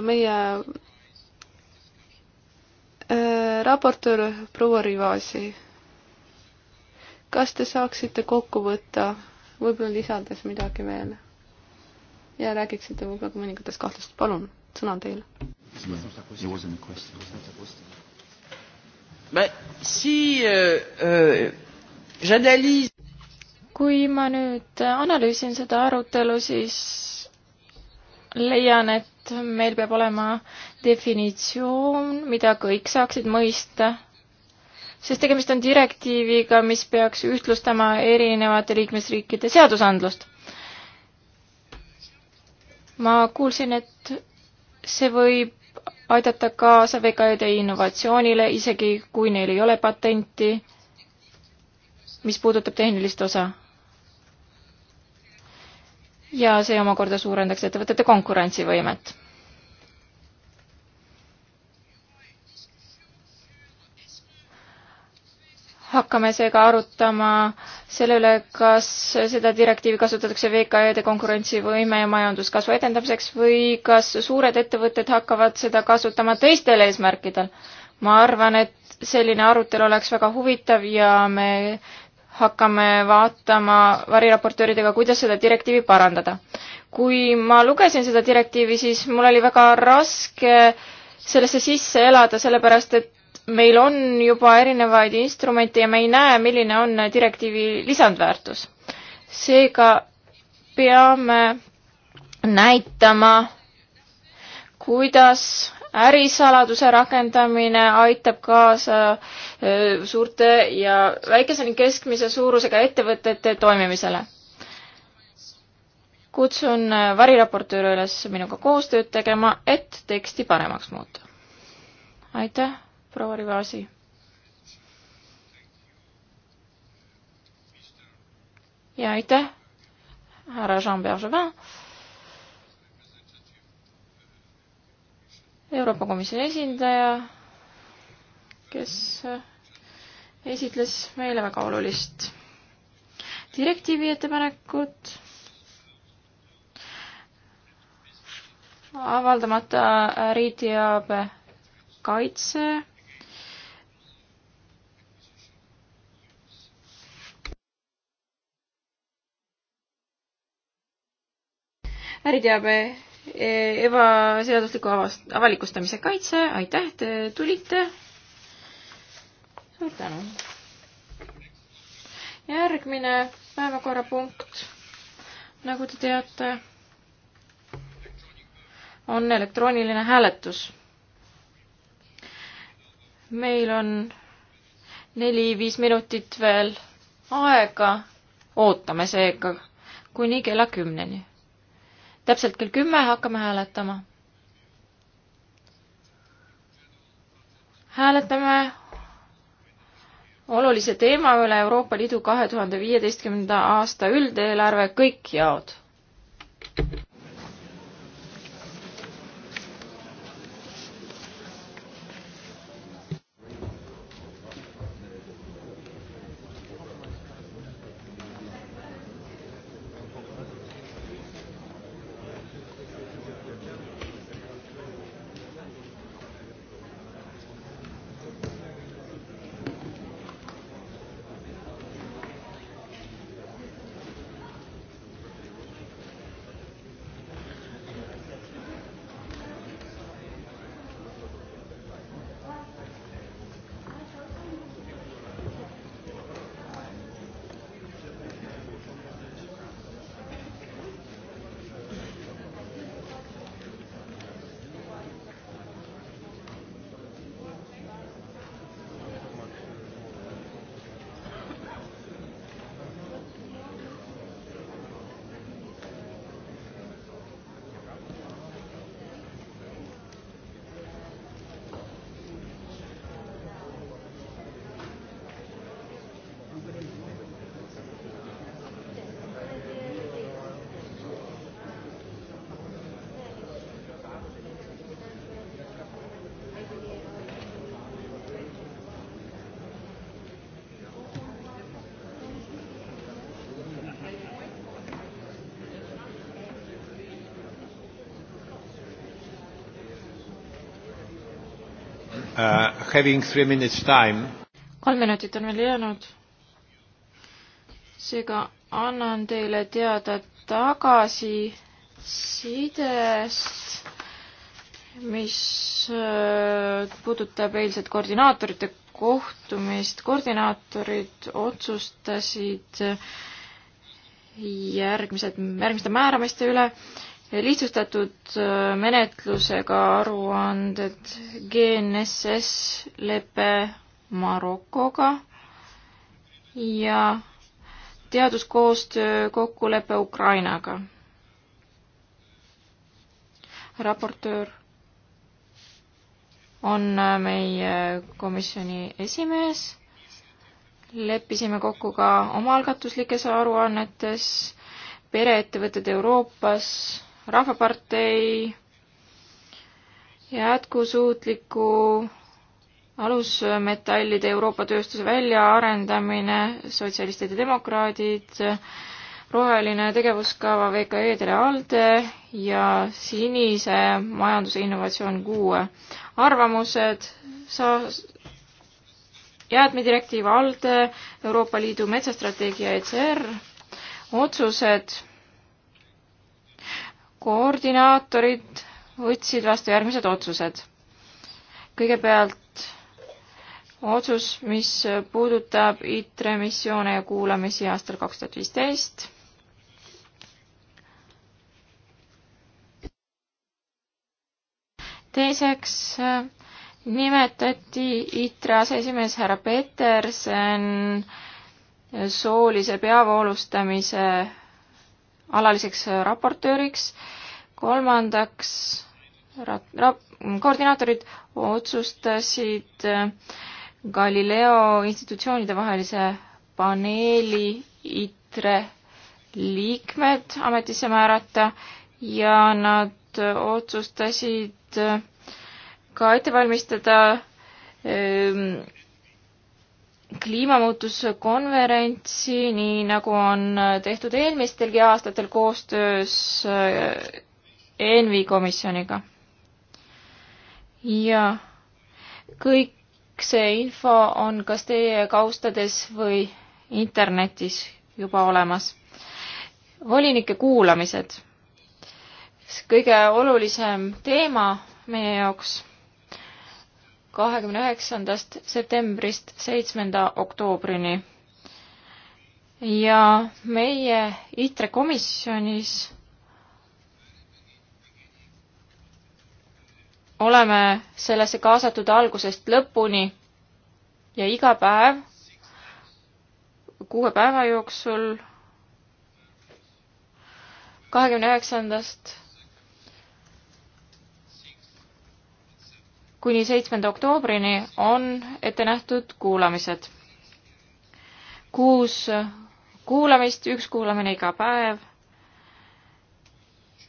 Speaker 3: meie raportöör proua Rivasi, kas te saaksite kokku võtta, võib-olla lisades midagi veel ja räägiksite võib-olla ka mõningatest kahtlustest, palun, sõna on teil. Si, euh, euh,
Speaker 4: kui ma nüüd analüüsin seda arutelu, siis leian, et et meil peab olema definitsioon, mida kõik saaksid mõista, sest tegemist on direktiiviga, mis peaks ühtlustama erinevate liikmesriikide seadusandlust. ma kuulsin, et see võib aidata kaasa VKD innovatsioonile, isegi kui neil ei ole patenti, mis puudutab tehnilist osa ja see omakorda suurendaks ettevõtete konkurentsivõimet. hakkame seega arutama selle üle, kas seda direktiivi kasutatakse VKE-de konkurentsivõime ja majanduskasvu edendamiseks või kas suured ettevõtted hakkavad seda kasutama teistel eesmärkidel. ma arvan, et selline arutelu oleks väga huvitav ja me hakkame vaatama variraportööridega, kuidas seda direktiivi parandada. kui ma lugesin seda direktiivi, siis mul oli väga raske sellesse sisse elada, sellepärast et meil on juba erinevaid instrumente ja me ei näe, milline on direktiivi lisandväärtus. seega peame näitama, kuidas ärisaladuse rakendamine aitab kaasa suurte ja väikese ning keskmise suurusega ettevõtete toimimisele. kutsun variraportööre üles minuga koostööd tegema, et teksti paremaks muuta. aitäh, proua Rivasi. ja aitäh, härra Jean-Pierre Jevin Euroopa Komisjoni esindaja, kes äh, esitles meile väga olulist direktiivi ettepanekut avaldamata äriteabe kaitse äriteabe Eh, ebaseadusliku avast-, avalikustamise kaitse, aitäh, te tulite. suur tänu. järgmine päevakorrapunkt, nagu te teate, on elektrooniline hääletus. meil on neli-viis minutit veel aega, ootame seega kuni kella kümneni täpselt kell kümme hakkame hääletama. hääletame olulise teema üle Euroopa Liidu kahe tuhande viieteistkümnenda aasta üldeelarve kõik jaod.
Speaker 1: having three minutes time.
Speaker 4: kolm minutit on veel jäänud. seega annan teile teada tagasisidest, mis äh, puudutab eilset koordinaatorite kohtumist. koordinaatorid otsustasid järgmised, järgmiste määramiste üle lihtsustatud äh, menetlusega aruanded GNSS lepe Marokoga ja teaduskoostöö kokkulepe Ukrainaga. raportöör on äh, meie komisjoni esimees. leppisime kokku ka omaalgatuslikes aruannetes, pereettevõtted Euroopas Rahvapartei jätkusuutliku alusmetallide Euroopa tööstuse väljaarendamine, sotsialistid ja demokraadid, roheline tegevuskava VKE-dele ALDE ja sinise majanduse innovatsioon kuue. arvamused sa-, jäätmedirektiiv ALDE, Euroopa Liidu metsastrateegia ECR, otsused koordinaatorid võtsid vastu järgmised otsused. kõigepealt otsus, mis puudutab ITRE missioone ja kuulamisi aastal kaks tuhat viisteist. teiseks nimetati ITRE aseesimees härra Peterson soolise peavoolustamise alaliseks raportööriks. kolmandaks ra-, ra-, koordinaatorid otsustasid äh, Galileo institutsioonide vahelise paneeli ITRE liikmed ametisse määrata ja nad otsustasid äh, ka ette valmistada öö, ähm, kliimamuutuskonverentsi, nii nagu on tehtud eelmistelgi aastatel koostöös äh, ENVI komisjoniga. ja kõik see info on kas teie kaustades või internetis juba olemas. volinike kuulamised. kõige olulisem teema meie jaoks kahekümne üheksandast septembrist seitsmenda oktoobrini. ja meie ITRE komisjonis oleme sellesse kaasatud algusest lõpuni ja iga päev kuue päeva jooksul kahekümne üheksandast kuni seitsmenda oktoobrini on ette nähtud kuulamised. kuus kuulamist, üks kuulamine iga päev.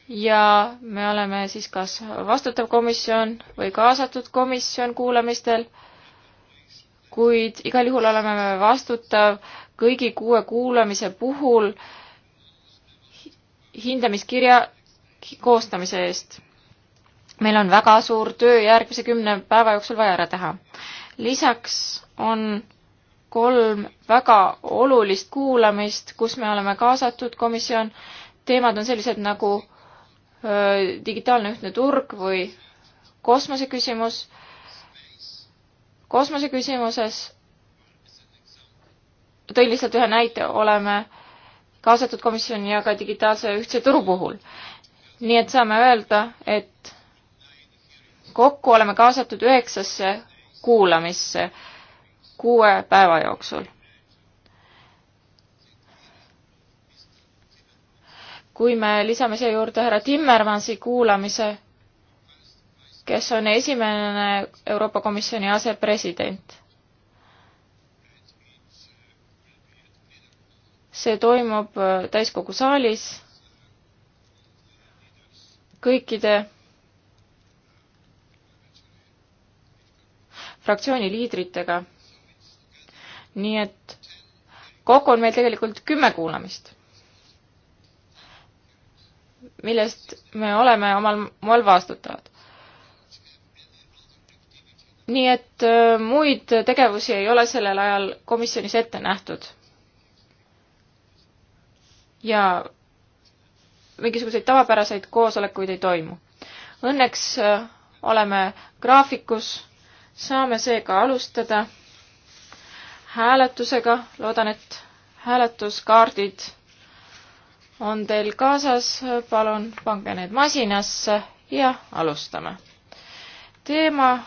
Speaker 4: ja me oleme siis kas vastutav komisjon või kaasatud komisjon kuulamistel, kuid igal juhul oleme me vastutav kõigi kuue kuulamise puhul hindamiskirja koostamise eest meil on väga suur töö järgmise kümne päeva jooksul vaja ära teha. lisaks on kolm väga olulist kuulamist, kus me oleme kaasatud, komisjon. teemad on sellised nagu öö, digitaalne ühtne turg või kosmoseküsimus. kosmoseküsimuses tõin lihtsalt ühe näite, oleme kaasatud komisjoni ja ka digitaalse ühtse turu puhul. nii et saame öelda, et kokku oleme kaasatud üheksasse kuulamisse kuue päeva jooksul. kui me lisame siia juurde härra Timmermansi kuulamise, kes on esimene Euroopa Komisjoni asepresident. see toimub täiskogu saalis kõikide fraktsiooni liidritega. nii et kokku on meil tegelikult kümme kuulamist, millest me oleme omal moel vastutavad. nii et äh, muid tegevusi ei ole sellel ajal komisjonis ette nähtud. ja mingisuguseid tavapäraseid koosolekuid ei toimu. Õnneks äh, oleme graafikus saame seega alustada hääletusega, loodan, et hääletuskaardid on teil kaasas, palun pange need masinasse ja alustame. teema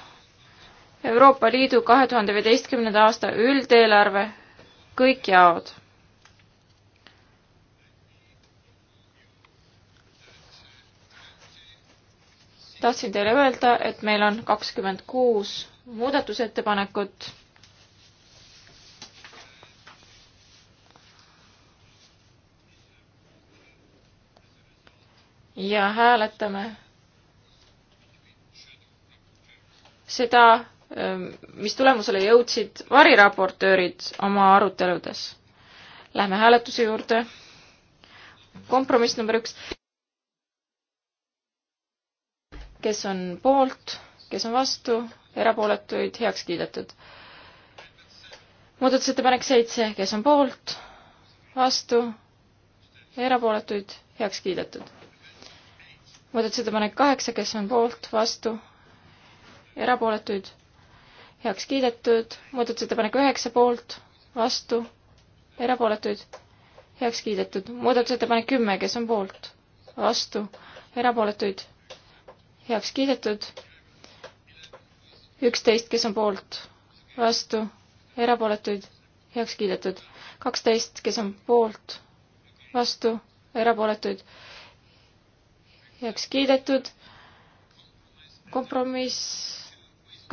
Speaker 4: Euroopa Liidu kahe tuhande viieteistkümnenda aasta üldeelarve, kõik jaod. tahtsin teile öelda, et meil on kakskümmend kuus muudatusettepanekut. ja hääletame seda, ähm, mis tulemusele jõudsid variraportöörid oma aruteludes. Lähme hääletuse juurde. kompromiss number üks. kes on poolt? kes on vastu, erapooletuid heaks kiidetud. muudatusettepanek seitse, kes on poolt, vastu, erapooletuid heaks kiidetud. muudatusettepanek kaheksa, kes on poolt, vastu, erapooletuid heaks kiidetud. muudatusettepanek üheksa poolt, vastu, erapooletuid heaks kiidetud. muudatusettepanek kümme, kes on poolt, vastu, erapooletuid heaks kiidetud üksteist, kes on poolt, vastu, erapooletuid, heaks kiidetud. kaksteist, kes on poolt, vastu, erapooletuid, heaks kiidetud. kompromiss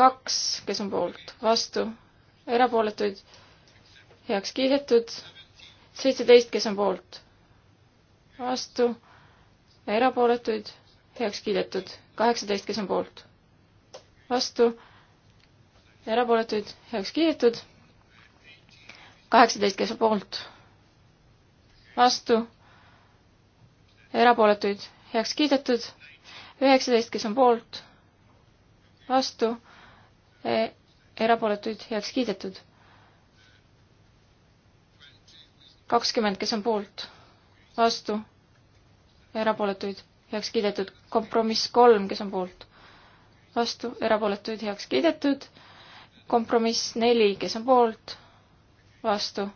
Speaker 4: kaks, kes on poolt, vastu, erapooletuid, heaks kiidetud. seitseteist, kes on poolt, vastu, erapooletuid, heaks kiidetud. kaheksateist, kes on poolt, vastu erapooletuid heaks kiidetud. kaheksateist, kes on poolt, vastu, erapooletuid heaks kiidetud. üheksateist, kes on poolt, vastu e, erapooletuid heaks kiidetud. kakskümmend, kes on poolt, vastu, erapooletuid heaks kiidetud. kompromiss kolm, kes on poolt, vastu, erapooletuid heaks kiidetud kompromiss neli, kes on poolt, vastu,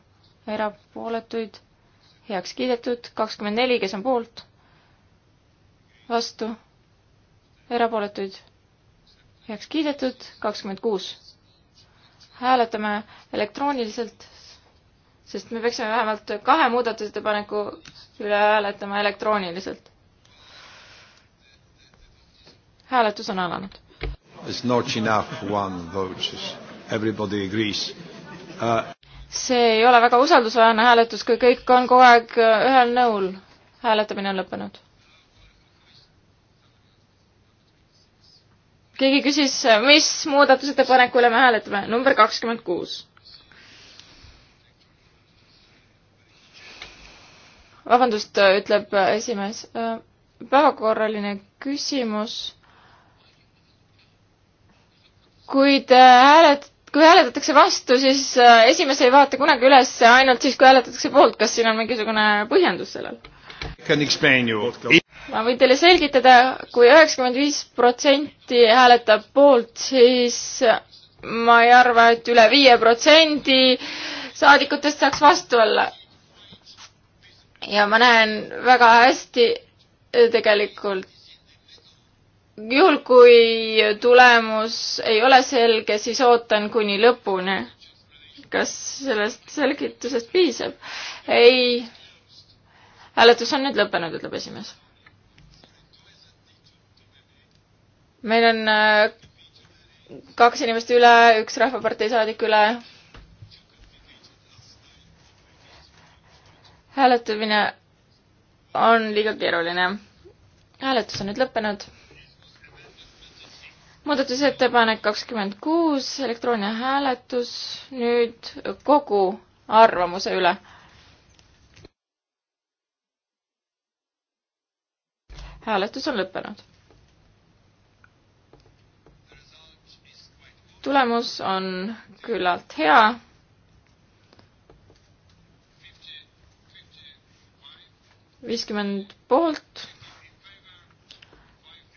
Speaker 4: erapooletuid, heaks kiidetud, kakskümmend neli, kes on poolt, vastu, erapooletuid, heaks kiidetud, kakskümmend kuus. hääletame elektrooniliselt, sest me peaksime vähemalt kahe muudatusettepaneku üle hääletama elektrooniliselt. hääletus on alanud
Speaker 1: It's not enough one vote, everybody agrees uh,.
Speaker 4: see ei ole väga usaldusväärne hääletus, kui kõik on kogu aeg äh, ühel nõul. hääletamine on lõppenud. keegi küsis, äh, mis muudatusettepaneku üle me hääletame, number kakskümmend kuus. vabandust, äh, ütleb esimees. päevakorraline küsimus kuid äh, hääled, kui hääletatakse vastu, siis äh, esimees ei vaata kunagi üles, ainult siis, kui hääletatakse poolt. kas siin on mingisugune põhjendus sellel? ma võin teile selgitada kui, kui üheksakümmend viis protsenti hääletab poolt, siis ma ei arva, et üle viie protsendi saadikutest saaks vastu olla. ja ma näen väga hästi äh, tegelikult juhul, kui tulemus ei ole selge, siis ootan kuni lõpuni. kas sellest selgitusest piisab? ei. hääletus on nüüd lõppenud, ütleb esimees. meil on äh, kaks inimest üle, üks Rahvapartei saadik üle. hääletamine on liiga keeruline. hääletus on nüüd lõppenud
Speaker 2: muudatusettepanek
Speaker 4: kakskümmend kuus, elektrooniline hääletus, nüüd kogu arvamuse üle. hääletus on lõppenud. tulemus on küllalt hea. viiskümmend poolt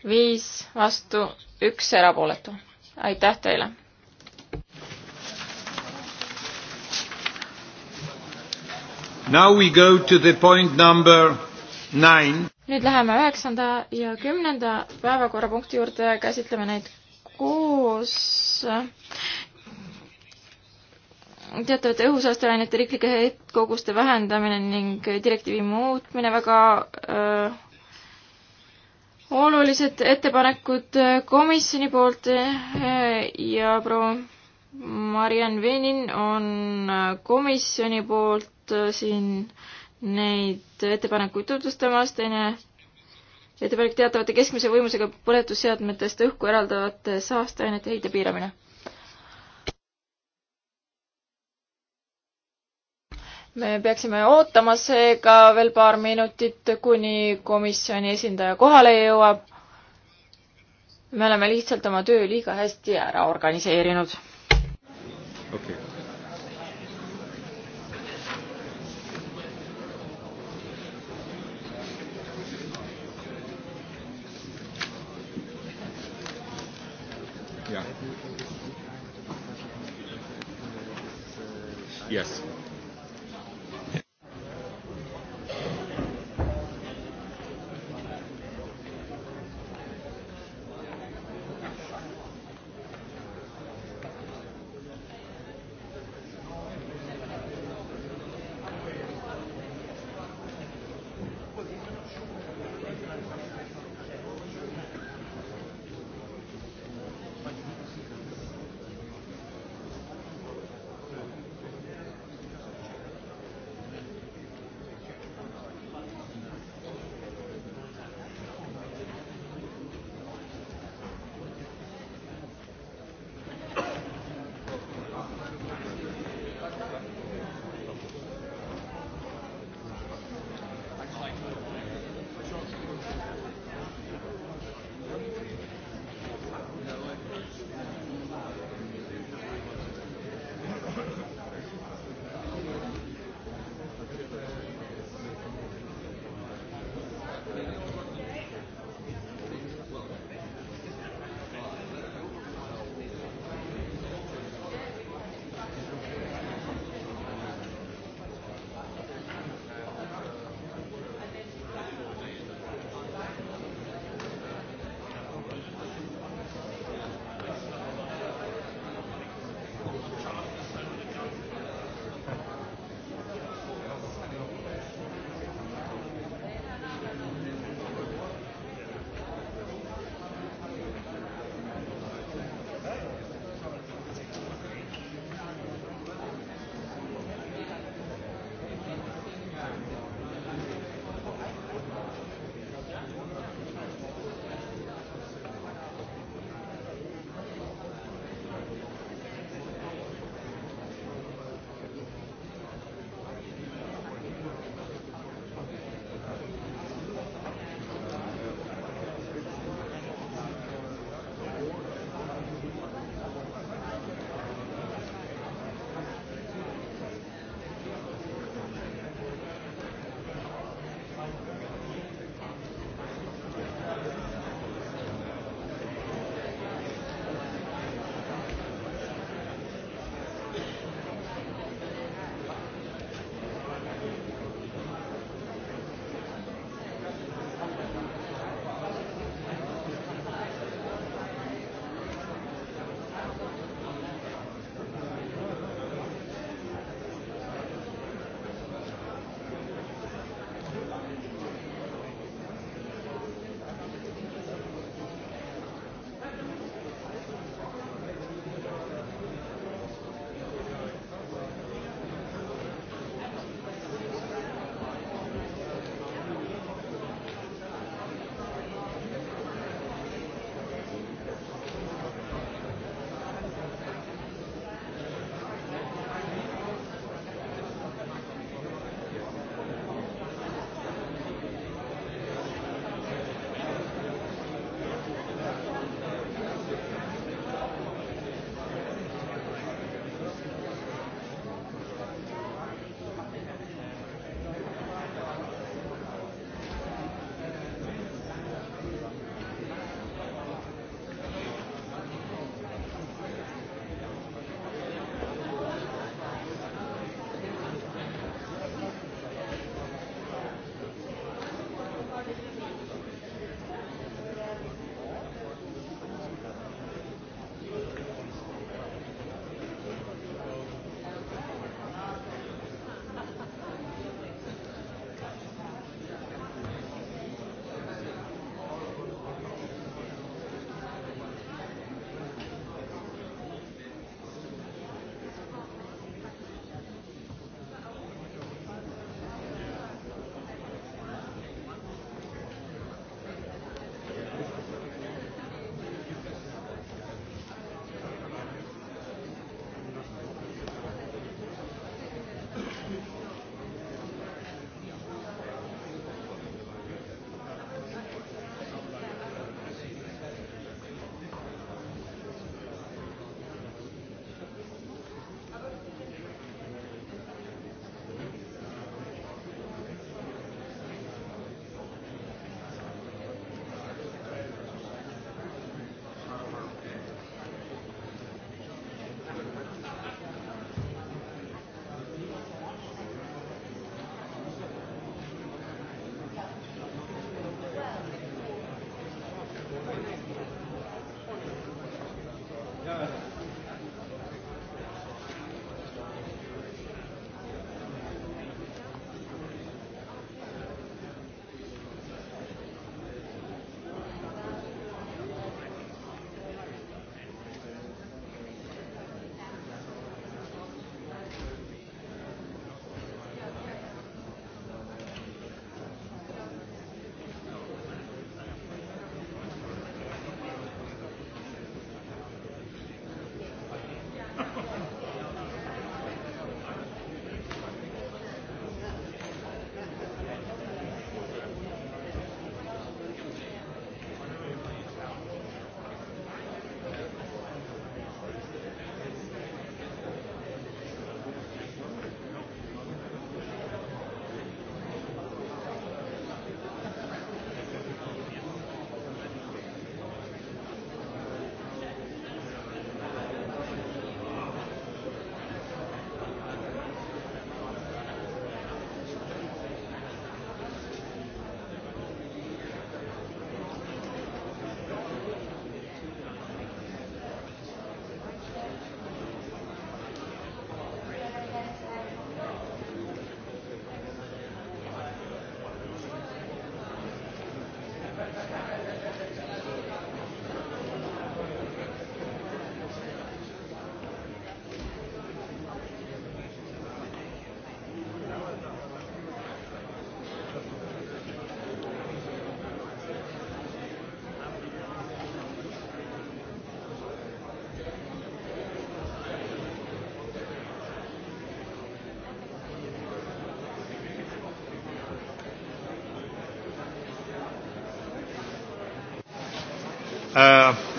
Speaker 4: viis vastu, üks erapooletu. aitäh teile!
Speaker 1: Now we go to the point number nine.
Speaker 4: nüüd läheme üheksanda ja kümnenda päevakorrapunkti juurde, käsitleme neid koos teatavate õhusaasteainete riiklike heitkoguste vähendamine ning direktiivi muutmine väga öö, äh, olulised ettepanekud komisjoni poolt eh, ja proua Mariann Venin on komisjoni poolt eh, siin neid ettepanekuid tutvustamas, teine ettepanek teatavate keskmise võimusega põletusseadmetest õhku eraldavate saasteainete heite piiramine me peaksime ootama seega veel paar minutit, kuni komisjoni esindaja kohale jõuab. me oleme lihtsalt oma töö liiga hästi ära organiseerinud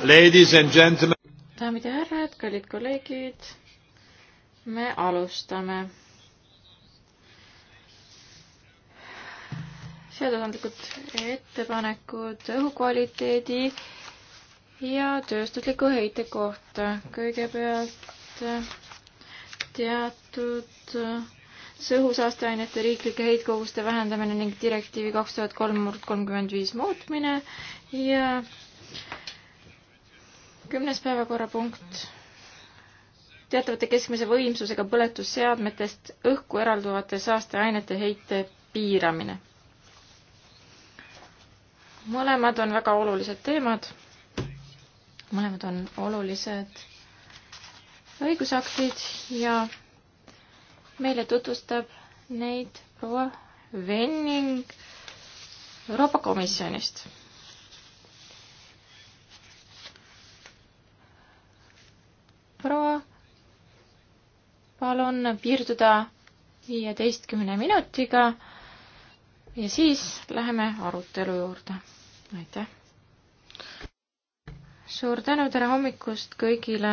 Speaker 1: Ladies and gentlemen.
Speaker 4: daamid ja härrad, kallid kolleegid, me alustame. seadusandlikud ettepanekud õhukvaliteedi ja tööstusliku heite kohta. kõigepealt teatud õhusaasteainete riiklike heitkoguste vähendamine ning direktiivi kaks tuhat kolm murd kolmkümmend viis muutmine ja kümnes päevakorrapunkt. teatavate keskmise võimsusega põletusseadmetest õhku eralduvate saasteainete heite piiramine. mõlemad on väga olulised teemad. mõlemad on olulised õigusaktid ja meile tutvustab neid proua Venning Euroopa Komisjonist proua, palun piirduda viieteistkümne minutiga ja siis läheme arutelu juurde. aitäh! suur tänu, tere hommikust kõigile!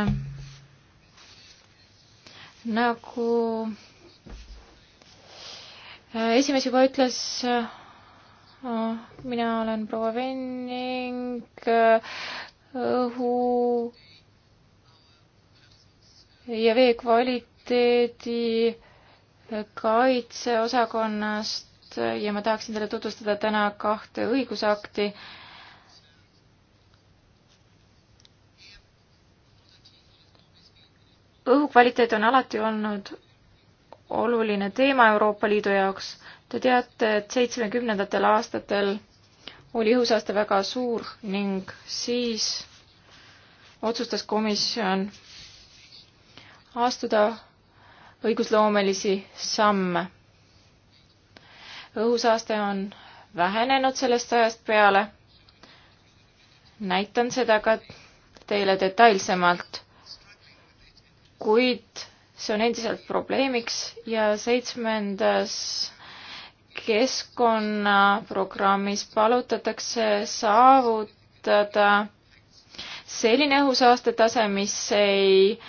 Speaker 4: nagu äh, esimees juba ütles, äh, mina olen proua Venning, äh, õhu ja vee kvaliteedi kaitseosakonnast ja ma tahaksin teile tutvustada täna kahte õigusakti. õhukvaliteet on alati olnud oluline teema Euroopa Liidu jaoks. Te teate, et seitsmekümnendatel aastatel oli õhusaaste väga suur ning siis otsustas komisjon astuda õigusloomelisi samme. õhusaaste on vähenenud sellest ajast peale. näitan seda ka teile detailsemalt. kuid see on endiselt probleemiks ja seitsmendas keskkonnaprogrammis palutatakse saavutada selline õhusaaste tase, mis ei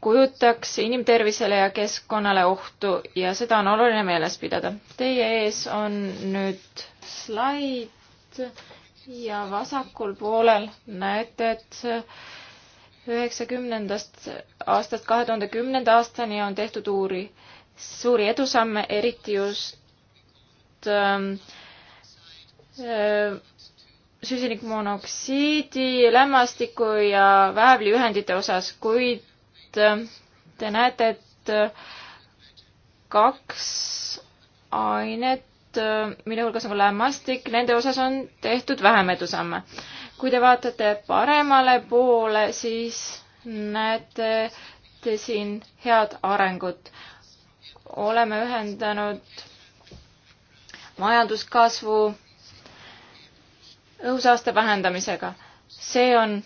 Speaker 4: kujutaks inimtervisele ja keskkonnale ohtu ja seda on oluline meeles pidada. Teie ees on nüüd slaid ja vasakul poolel näete, et üheksakümnendast aastast kahe tuhande kümnenda aastani on tehtud uuri, suuri edusamme, eriti just ähm, äh, süsinikmonoksiidi, lämmastiku ja väävliühendite osas, kuid et äh, te näete, et äh, kaks ainet, äh, mille hulgas on ka lämmastik, nende osas on tehtud vähem edusamme. kui te vaatate paremale poole, siis näete te siin head arengut. oleme ühendanud majanduskasvu õhusaaste vähendamisega. see on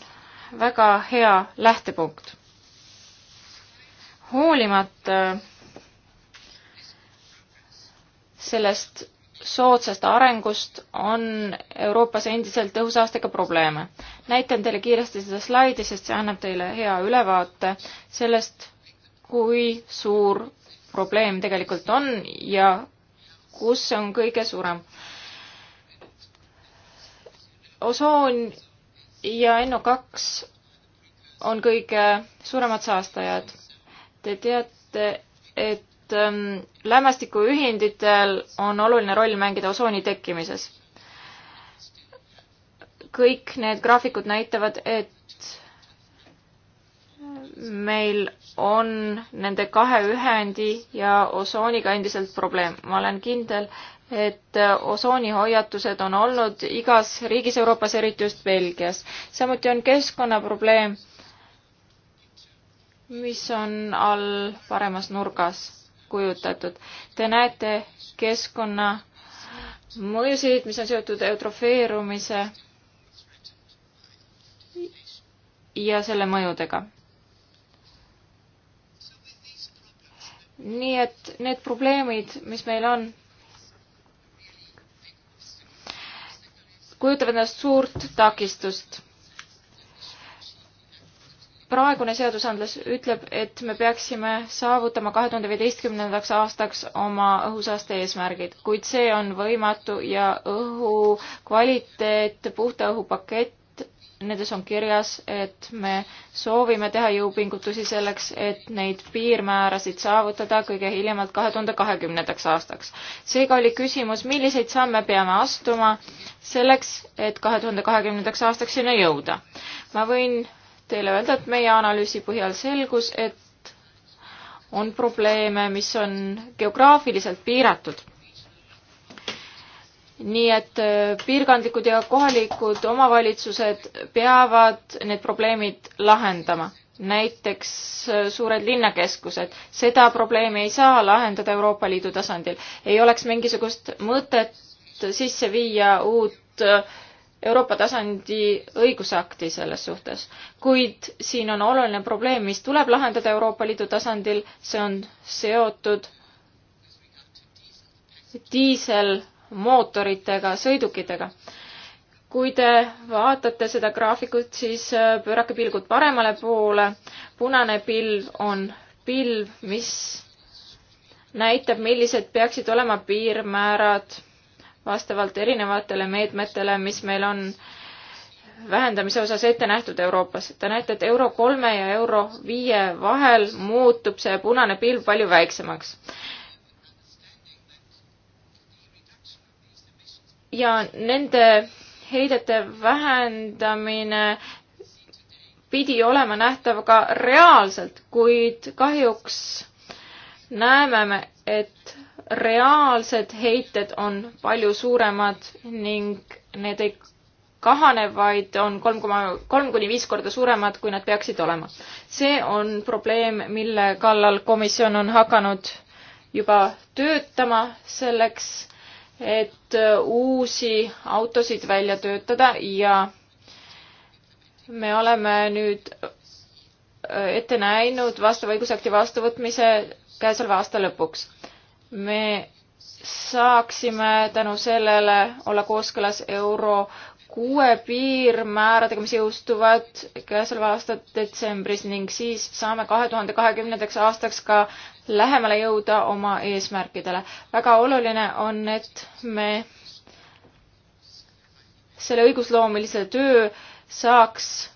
Speaker 4: väga hea lähtepunkt hoolimata sellest soodsast arengust on Euroopas endiselt õhusaastega probleeme. näitan teile kiiresti seda slaidi, sest see annab teile hea ülevaate sellest, kui suur probleem tegelikult on ja kus see on kõige suurem. osoon ja NO2 on kõige suuremad saastajad Te teate, et ähm, lämmastikuühenditel on oluline roll mängida osooni tekkimises. kõik need graafikud näitavad, et meil on nende kahe ühendi ja osooniga endiselt probleem. ma olen kindel, et osoonihoiatused on olnud igas riigis Euroopas, eriti just Belgias. samuti on keskkonnaprobleem mis on all paremas nurgas kujutatud. Te näete keskkonna mõjusid, mis on seotud eutrofeerumise ja selle mõjudega. nii et need probleemid, mis meil on, kujutavad endast suurt takistust praegune seadusandlus ütleb, et me peaksime saavutama kahe tuhande viieteistkümnendaks aastaks oma õhusaaste eesmärgid, kuid see on võimatu ja õhu kvaliteet, puhta õhu pakett, nendes on kirjas, et me soovime teha jõupingutusi selleks, et neid piirmäärasid saavutada kõige hiljemalt kahe tuhande kahekümnendaks aastaks. seega oli küsimus, milliseid samme peame astuma selleks, et kahe tuhande kahekümnendaks aastaks sinna jõuda. ma võin teile öelda, et meie analüüsi põhjal selgus, et on probleeme, mis on geograafiliselt piiratud. nii et äh, piirkondlikud ja kohalikud omavalitsused peavad need probleemid lahendama. näiteks äh, suured linnakeskused, seda probleemi ei saa lahendada Euroopa Liidu tasandil. ei oleks mingisugust mõtet sisse viia uut äh, Euroopa tasandi õigusakti selles suhtes. kuid siin on oluline probleem, mis tuleb lahendada Euroopa Liidu tasandil, see on seotud diiselmootoritega, sõidukitega. kui te vaatate seda graafikut, siis äh, pöörake pilgud paremale poole. punane pilv on pilv, mis näitab, millised peaksid olema piirmäärad vastavalt erinevatele meetmetele, mis meil on vähendamise osas ette nähtud Euroopas. Te näete, et euro kolme ja euro viie vahel muutub see punane pilv palju väiksemaks. ja nende heidete vähendamine pidi olema nähtav ka reaalselt, kuid kahjuks näeme me, et reaalsed heited on palju suuremad ning need ei kahane, vaid on kolm koma, kolm kuni viis korda suuremad, kui nad peaksid olema. see on probleem, mille kallal komisjon on hakanud juba töötama selleks, et uusi autosid välja töötada ja me oleme nüüd ette näinud vastava õigusakti vastuvõtmise käesoleva aasta lõpuks me saaksime tänu sellele olla kooskõlas euro kuue piirmääradega, mis jõustuvad käesoleva aasta detsembris ning siis saame kahe tuhande kahekümnendaks aastaks ka lähemale jõuda oma eesmärkidele. väga oluline on, et me selle õigusloomelise töö saaks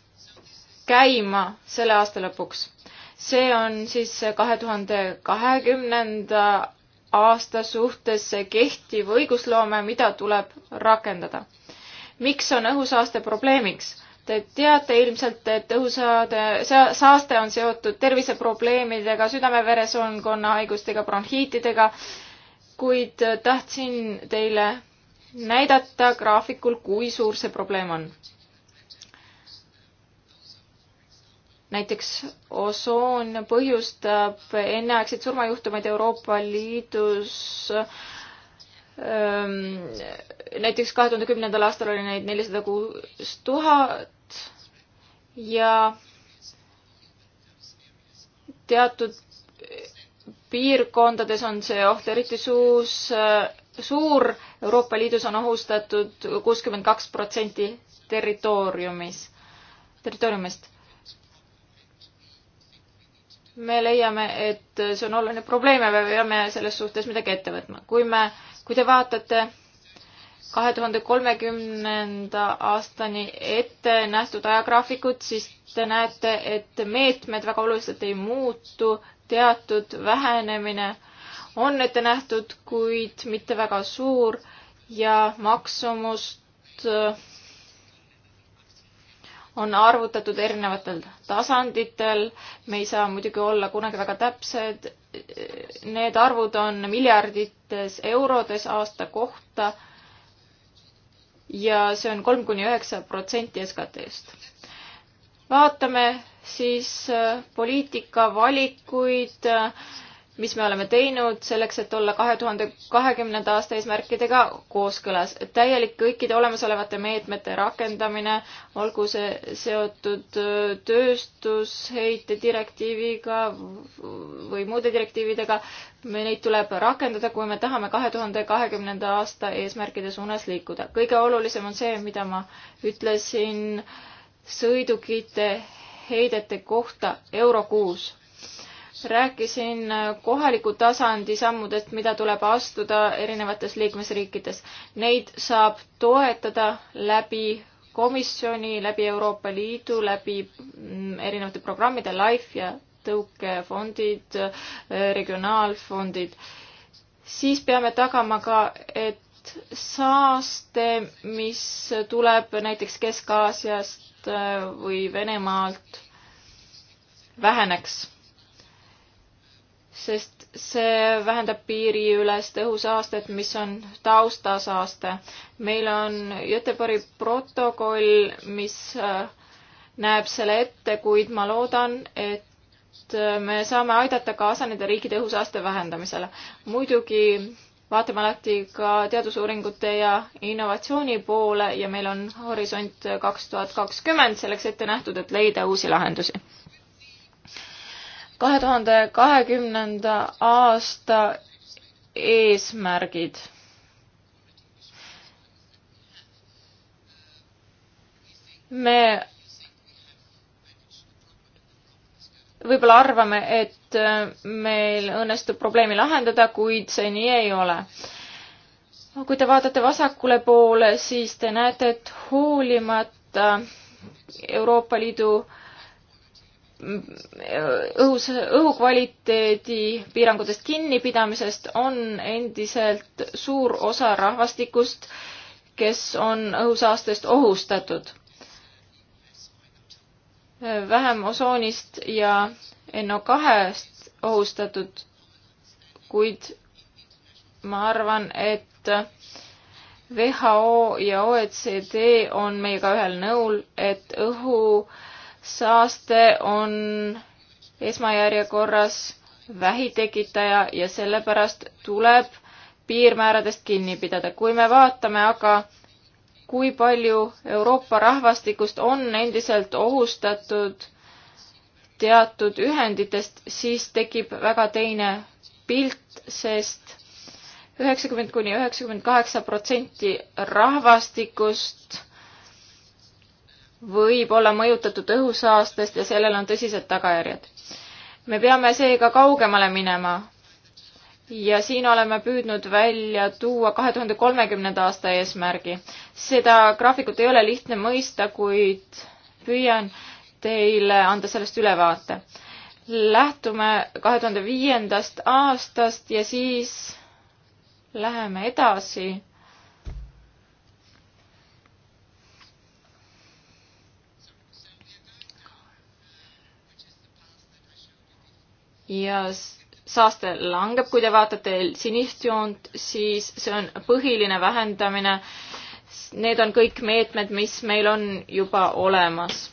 Speaker 4: käima selle aasta lõpuks. see on siis kahe tuhande kahekümnenda aasta suhtes kehtiv õigusloome, mida tuleb rakendada. miks on õhusaaste probleemiks? Te teate ilmselt, et õhusaade, saaste on seotud terviseprobleemidega, südame-veresoonkonna haigustega, bronhiitidega, kuid tahtsin teile näidata graafikul, kui suur see probleem on näiteks osoon põhjustab enneaegseid surmajuhtumeid Euroopa Liidus. näiteks kahe tuhande kümnendal aastal oli neid nelisada kuus tuhat ja teatud piirkondades on see oht eriti suus, suur. Euroopa Liidus on ohustatud kuuskümmend kaks protsenti territooriumis, territooriumist me leiame, et see on oluline probleem ja me peame selles suhtes midagi ette võtma. kui me, kui te vaatate kahe tuhande kolmekümnenda aastani ette nähtud ajagraafikut, siis te näete, et meetmed väga oluliselt ei muutu, teatud vähenemine on ette nähtud, kuid mitte väga suur ja maksumust äh, on arvutatud erinevatel tasanditel, me ei saa muidugi olla kunagi väga täpsed. Need arvud on miljardites eurodes aasta kohta ja see on kolm kuni üheksa protsenti SKT-st. vaatame siis äh, poliitika valikuid äh, mis me oleme teinud selleks, et olla kahe tuhande kahekümnenda aasta eesmärkidega kooskõlas. täielik kõikide olemasolevate meetmete rakendamine, olgu see seotud tööstusheite direktiiviga
Speaker 1: või
Speaker 4: muude direktiividega, neid tuleb rakendada, kui me tahame kahe tuhande kahekümnenda aasta eesmärkide suunas liikuda. kõige olulisem on see, mida ma ütlesin sõidukite heidete kohta euro kuus rääkisin äh, kohaliku tasandi sammudest, mida tuleb astuda erinevates liikmesriikides. Neid saab toetada läbi komisjoni, läbi Euroopa Liidu, läbi mm, erinevate programmide, LIFE ja tõukefondid, äh, regionaalfondid. siis peame tagama ka, et saaste, mis tuleb näiteks Kesk-Aasiast äh, või Venemaalt, väheneks sest see vähendab piiriülest õhusaastet, mis on taustasaaste. meil on Göteborgi protokoll, mis äh, näeb selle ette, kuid ma loodan, et äh, me saame aidata kaasa nende riikide õhusaaste vähendamisele. muidugi vaatame alati ka teadusuuringute ja innovatsiooni poole ja meil on Horisont äh, kaks tuhat kakskümmend selleks ette nähtud, et leida uusi lahendusi kahe tuhande kahekümnenda aasta eesmärgid. me võib-olla arvame, et meil õnnestub probleemi lahendada, kuid see nii ei ole. kui te vaatate vasakule poole, siis te näete, et hoolimata Euroopa Liidu õhus, õhukvaliteedi piirangutest kinnipidamisest on endiselt suur osa rahvastikust, kes on õhusaastest ohustatud. vähem osoonist ja NO2-st ohustatud, kuid ma arvan, et WHO ja OECD on meiega ühel nõul, et õhu äh, saaste on esmajärjekorras vähitekitaja ja sellepärast tuleb piirmääradest kinni pidada. kui me vaatame aga, kui palju Euroopa rahvastikust on endiselt ohustatud teatud ühenditest, siis tekib väga teine pilt, sest üheksakümmend kuni üheksakümmend kaheksa protsenti rahvastikust võib olla mõjutatud õhusaastest ja sellel on tõsised tagajärjed. me peame seega kaugemale minema ja siin oleme püüdnud välja tuua kahe tuhande kolmekümnenda aasta eesmärgi. seda graafikut ei ole lihtne mõista, kuid püüan teile anda sellest ülevaate. lähtume kahe tuhande viiendast aastast ja siis läheme edasi ja saaste langeb, kui te vaatate sinist joont, siis see on põhiline vähendamine. Need on kõik meetmed, mis meil on juba olemas.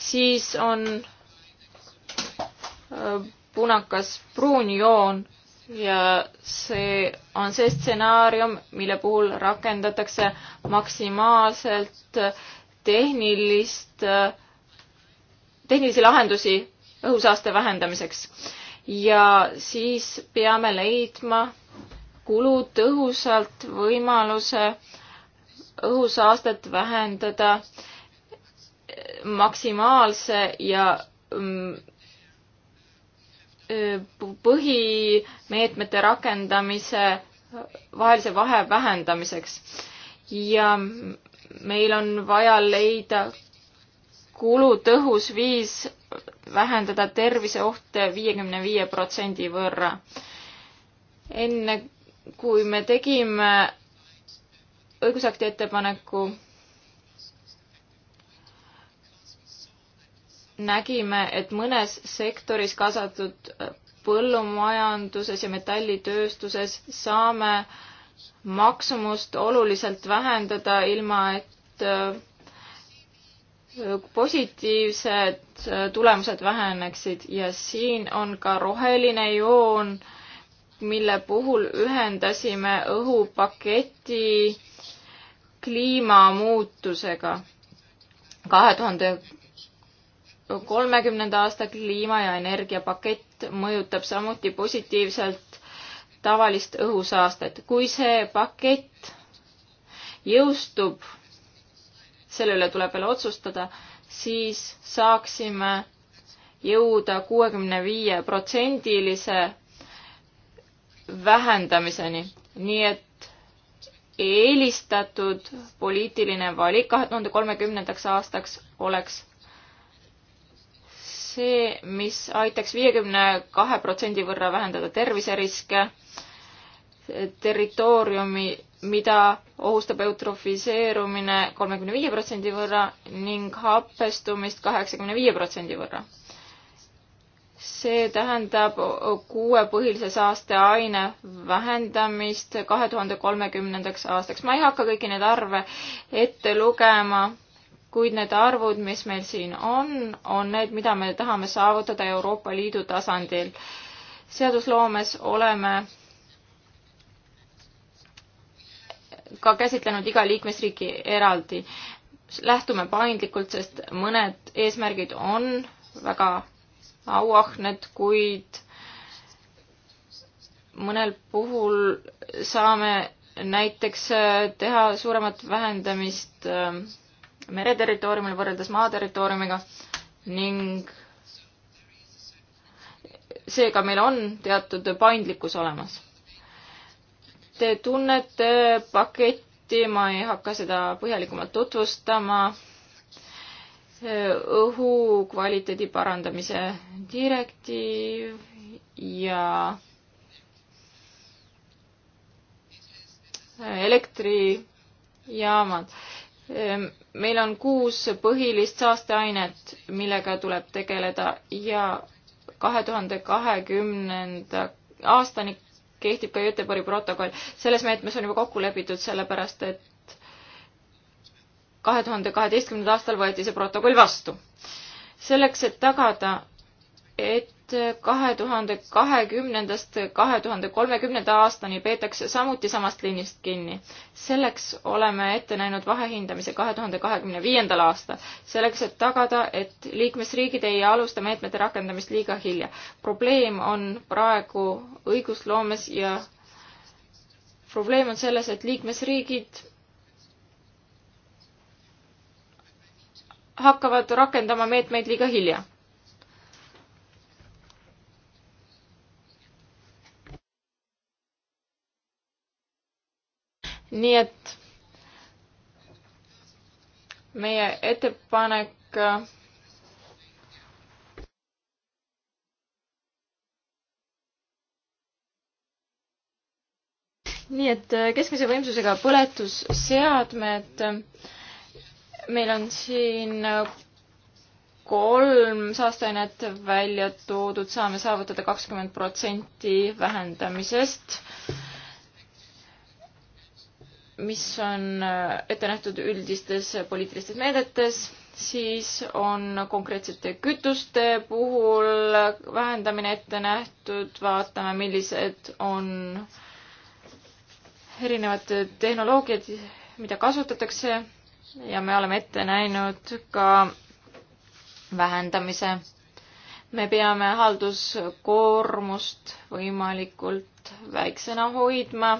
Speaker 4: siis on äh, punakas pruun joon ja see on see stsenaarium, mille puhul rakendatakse maksimaalselt tehnilist, äh, tehnilisi lahendusi õhusaaste vähendamiseks. ja siis peame leidma kulutõhusalt võimaluse õhusaastet vähendada maksimaalse ja mm, põhimeetmete rakendamise vahelise vahe vähendamiseks. ja meil on vaja leida kulutõhus viis vähendada terviseohte viiekümne viie protsendi võrra. enne kui me tegime õigusakti ettepaneku, nägime, et mõnes sektoris, kaasatud põllumajanduses ja metallitööstuses, saame maksumust oluliselt vähendada, ilma et äh, positiivsed äh, tulemused väheneksid ja siin on ka roheline joon, mille puhul ühendasime õhupaketi kliimamuutusega. kahe tuhande kolmekümnenda aasta kliima- ja energiapakett mõjutab samuti positiivselt tavalist õhusaastet. kui see pakett jõustub selle üle tuleb veel otsustada, siis saaksime jõuda kuuekümne viie protsendilise vähendamiseni. nii et eelistatud poliitiline valik kahe tuhande kolmekümnendaks aastaks oleks see, mis aitaks viiekümne kahe protsendi võrra vähendada terviseriske, territooriumi mida ohustab eutrofiseerumine kolmekümne viie protsendi võrra ning happestumist kaheksakümne viie protsendi võrra. see tähendab kuue põhilise saasteaine vähendamist kahe tuhande kolmekümnendaks aastaks. ma ei hakka kõiki neid arve ette lugema, kuid need arvud, mis meil siin on, on need, mida me tahame saavutada Euroopa Liidu tasandil. seadusloomes oleme ka käsitlenud iga liikmesriiki eraldi. lähtume paindlikult, sest mõned eesmärgid on väga auahned, kuid mõnel puhul saame näiteks äh, teha suuremat vähendamist äh, mereterritooriumil võrreldes maaterritooriumiga ning seega meil on teatud paindlikkus olemas Te tunnete paketti, ma ei hakka seda põhjalikumalt tutvustama. õhukvaliteedi parandamise direktiiv ja elektrijaamad. meil on kuus põhilist saasteainet, millega tuleb tegeleda ja kahe tuhande kahekümnenda aastani kehtib ka Göteborgi protokoll. selles meetmes on juba kokku lepitud, sellepärast et kahe tuhande kaheteistkümnendal aastal võeti see protokoll vastu. selleks, et tagada, et kahe tuhande kahekümnendast kahe tuhande kolmekümnenda aastani peetakse samuti samast liinist kinni. selleks oleme ette näinud vahehindamise kahe tuhande kahekümne viiendal aastal, selleks et tagada, et liikmesriigid ei alusta meetmete rakendamist liiga hilja. probleem on praegu õigusloomes ja probleem on selles, et liikmesriigid hakkavad rakendama meetmeid liiga hilja nii et meie ettepanek äh, nii et äh, keskmise võimsusega põletusseadmed, meil on siin äh, kolm saasteainet välja toodud, saame saavutada kakskümmend protsenti vähendamisest mis on äh, ette nähtud üldistes poliitilistes meedetes, siis on konkreetsete kütuste puhul vähendamine ette nähtud, vaatame, millised on erinevad tehnoloogiad, mida kasutatakse ja me oleme ette näinud ka vähendamise. me peame halduskoormust võimalikult väiksena hoidma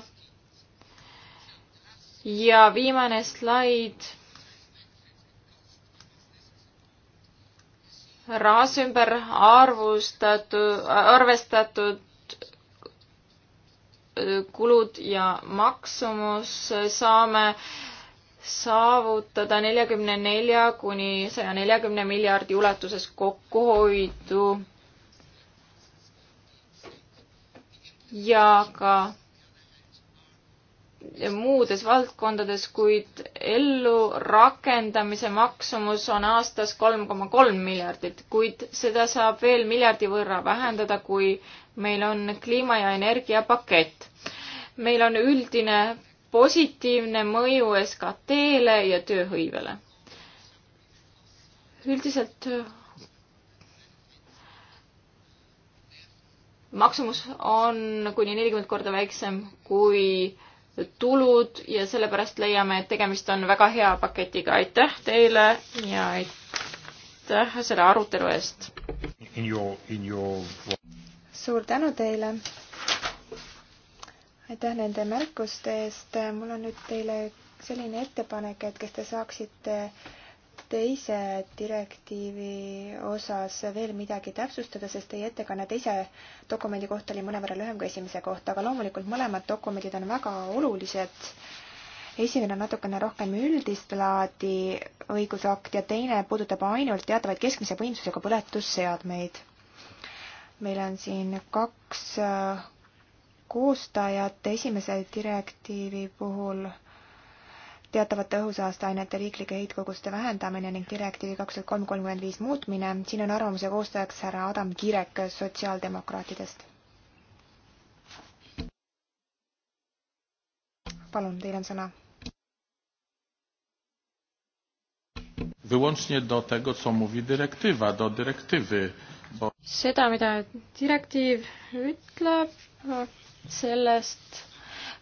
Speaker 4: ja viimane slaid. rahas ümber arvustatud, arvestatud kulud ja maksumus saame saavutada neljakümne nelja kuni saja neljakümne miljardi ulatuses kokkuhoidu ja ka muudes valdkondades, kuid ellurakendamise maksumus on aastas kolm koma kolm miljardit, kuid seda saab veel miljardi võrra vähendada, kui meil on kliima ja energiapakett. meil on üldine positiivne mõju SKT-le ja tööhõivele. üldiselt maksumus on kuni nelikümmend korda väiksem kui tulud ja sellepärast leiame, et tegemist on väga hea paketiga. aitäh teile ja aitäh selle arutelu eest.
Speaker 1: Your...
Speaker 2: suur tänu teile. aitäh nende märkuste eest. mul on nüüd teile selline ettepanek, et kas te saaksite äh, teise direktiivi osas veel midagi täpsustada, sest teie ettekanne teise dokumendi kohta oli mõnevõrra lühem kui esimese kohta, aga loomulikult mõlemad dokumendid on väga olulised. esimene on natukene rohkem üldist laadi õigusakt ja teine puudutab ainult teatavaid keskmise võimsusega põletusseadmeid. meil on siin kaks äh, koostajat esimese direktiivi puhul teatavate õhusaasteainete riiklike heitkoguste vähendamine ning direktiivi kaks tuhat kolm kolmkümmend viis muutmine. siin on arvamuse koostajaks härra Adam Kirek sotsiaaldemokraatidest. palun, teil on sõna.
Speaker 1: Wyłącznie do tego, co mówi dyrektywa, do dyrektywy. Bo...
Speaker 2: Seda,
Speaker 4: mida direktiiv ütleb, sellest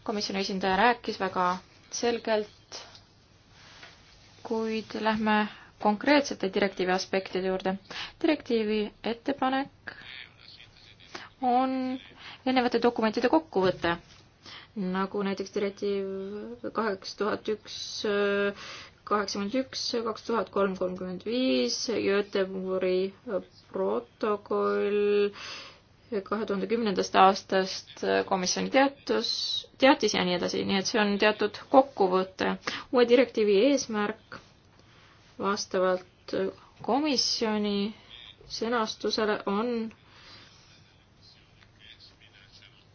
Speaker 4: komisjoni esindaja rääkis väga selgelt kuid lähme konkreetsete direktiivi aspektide juurde. direktiivi ettepanek on erinevate dokumentide kokkuvõte, nagu näiteks direktiiv kaheksa tuhat üks kaheksakümmend üks, kaks tuhat kolm kolmkümmend viis, Göteborgi protokoll kahe tuhande kümnendast aastast komisjoni teatus, teatis ja nii edasi, nii et see on teatud kokkuvõte. uue direktiivi eesmärk vastavalt komisjoni sõnastusele on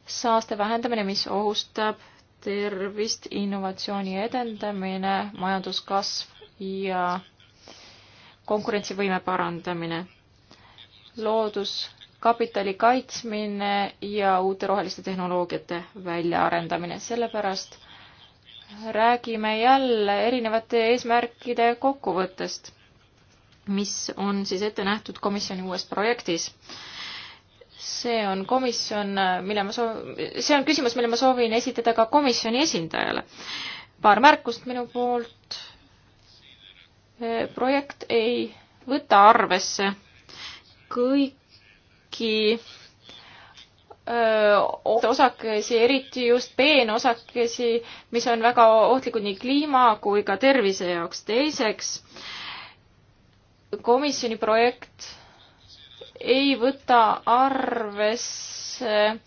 Speaker 4: saaste vähendamine, mis ohustab tervist, innovatsiooni edendamine, majanduskasv ja konkurentsivõime parandamine. loodus kapitali kaitsmine ja uute roheliste tehnoloogiate väljaarendamine, sellepärast räägime jälle erinevate eesmärkide kokkuvõttest, mis on siis ette nähtud komisjoni uues projektis. see on komisjon, mille ma soov-, see on küsimus, mille ma soovin esitada ka komisjoni esindajale. paar märkust minu poolt. projekt ei võta arvesse kõik kõiki osakesi, eriti just peenosakesi, mis on väga ohtlikud nii kliima kui ka tervise jaoks. teiseks, komisjoni projekt ei võta arvesse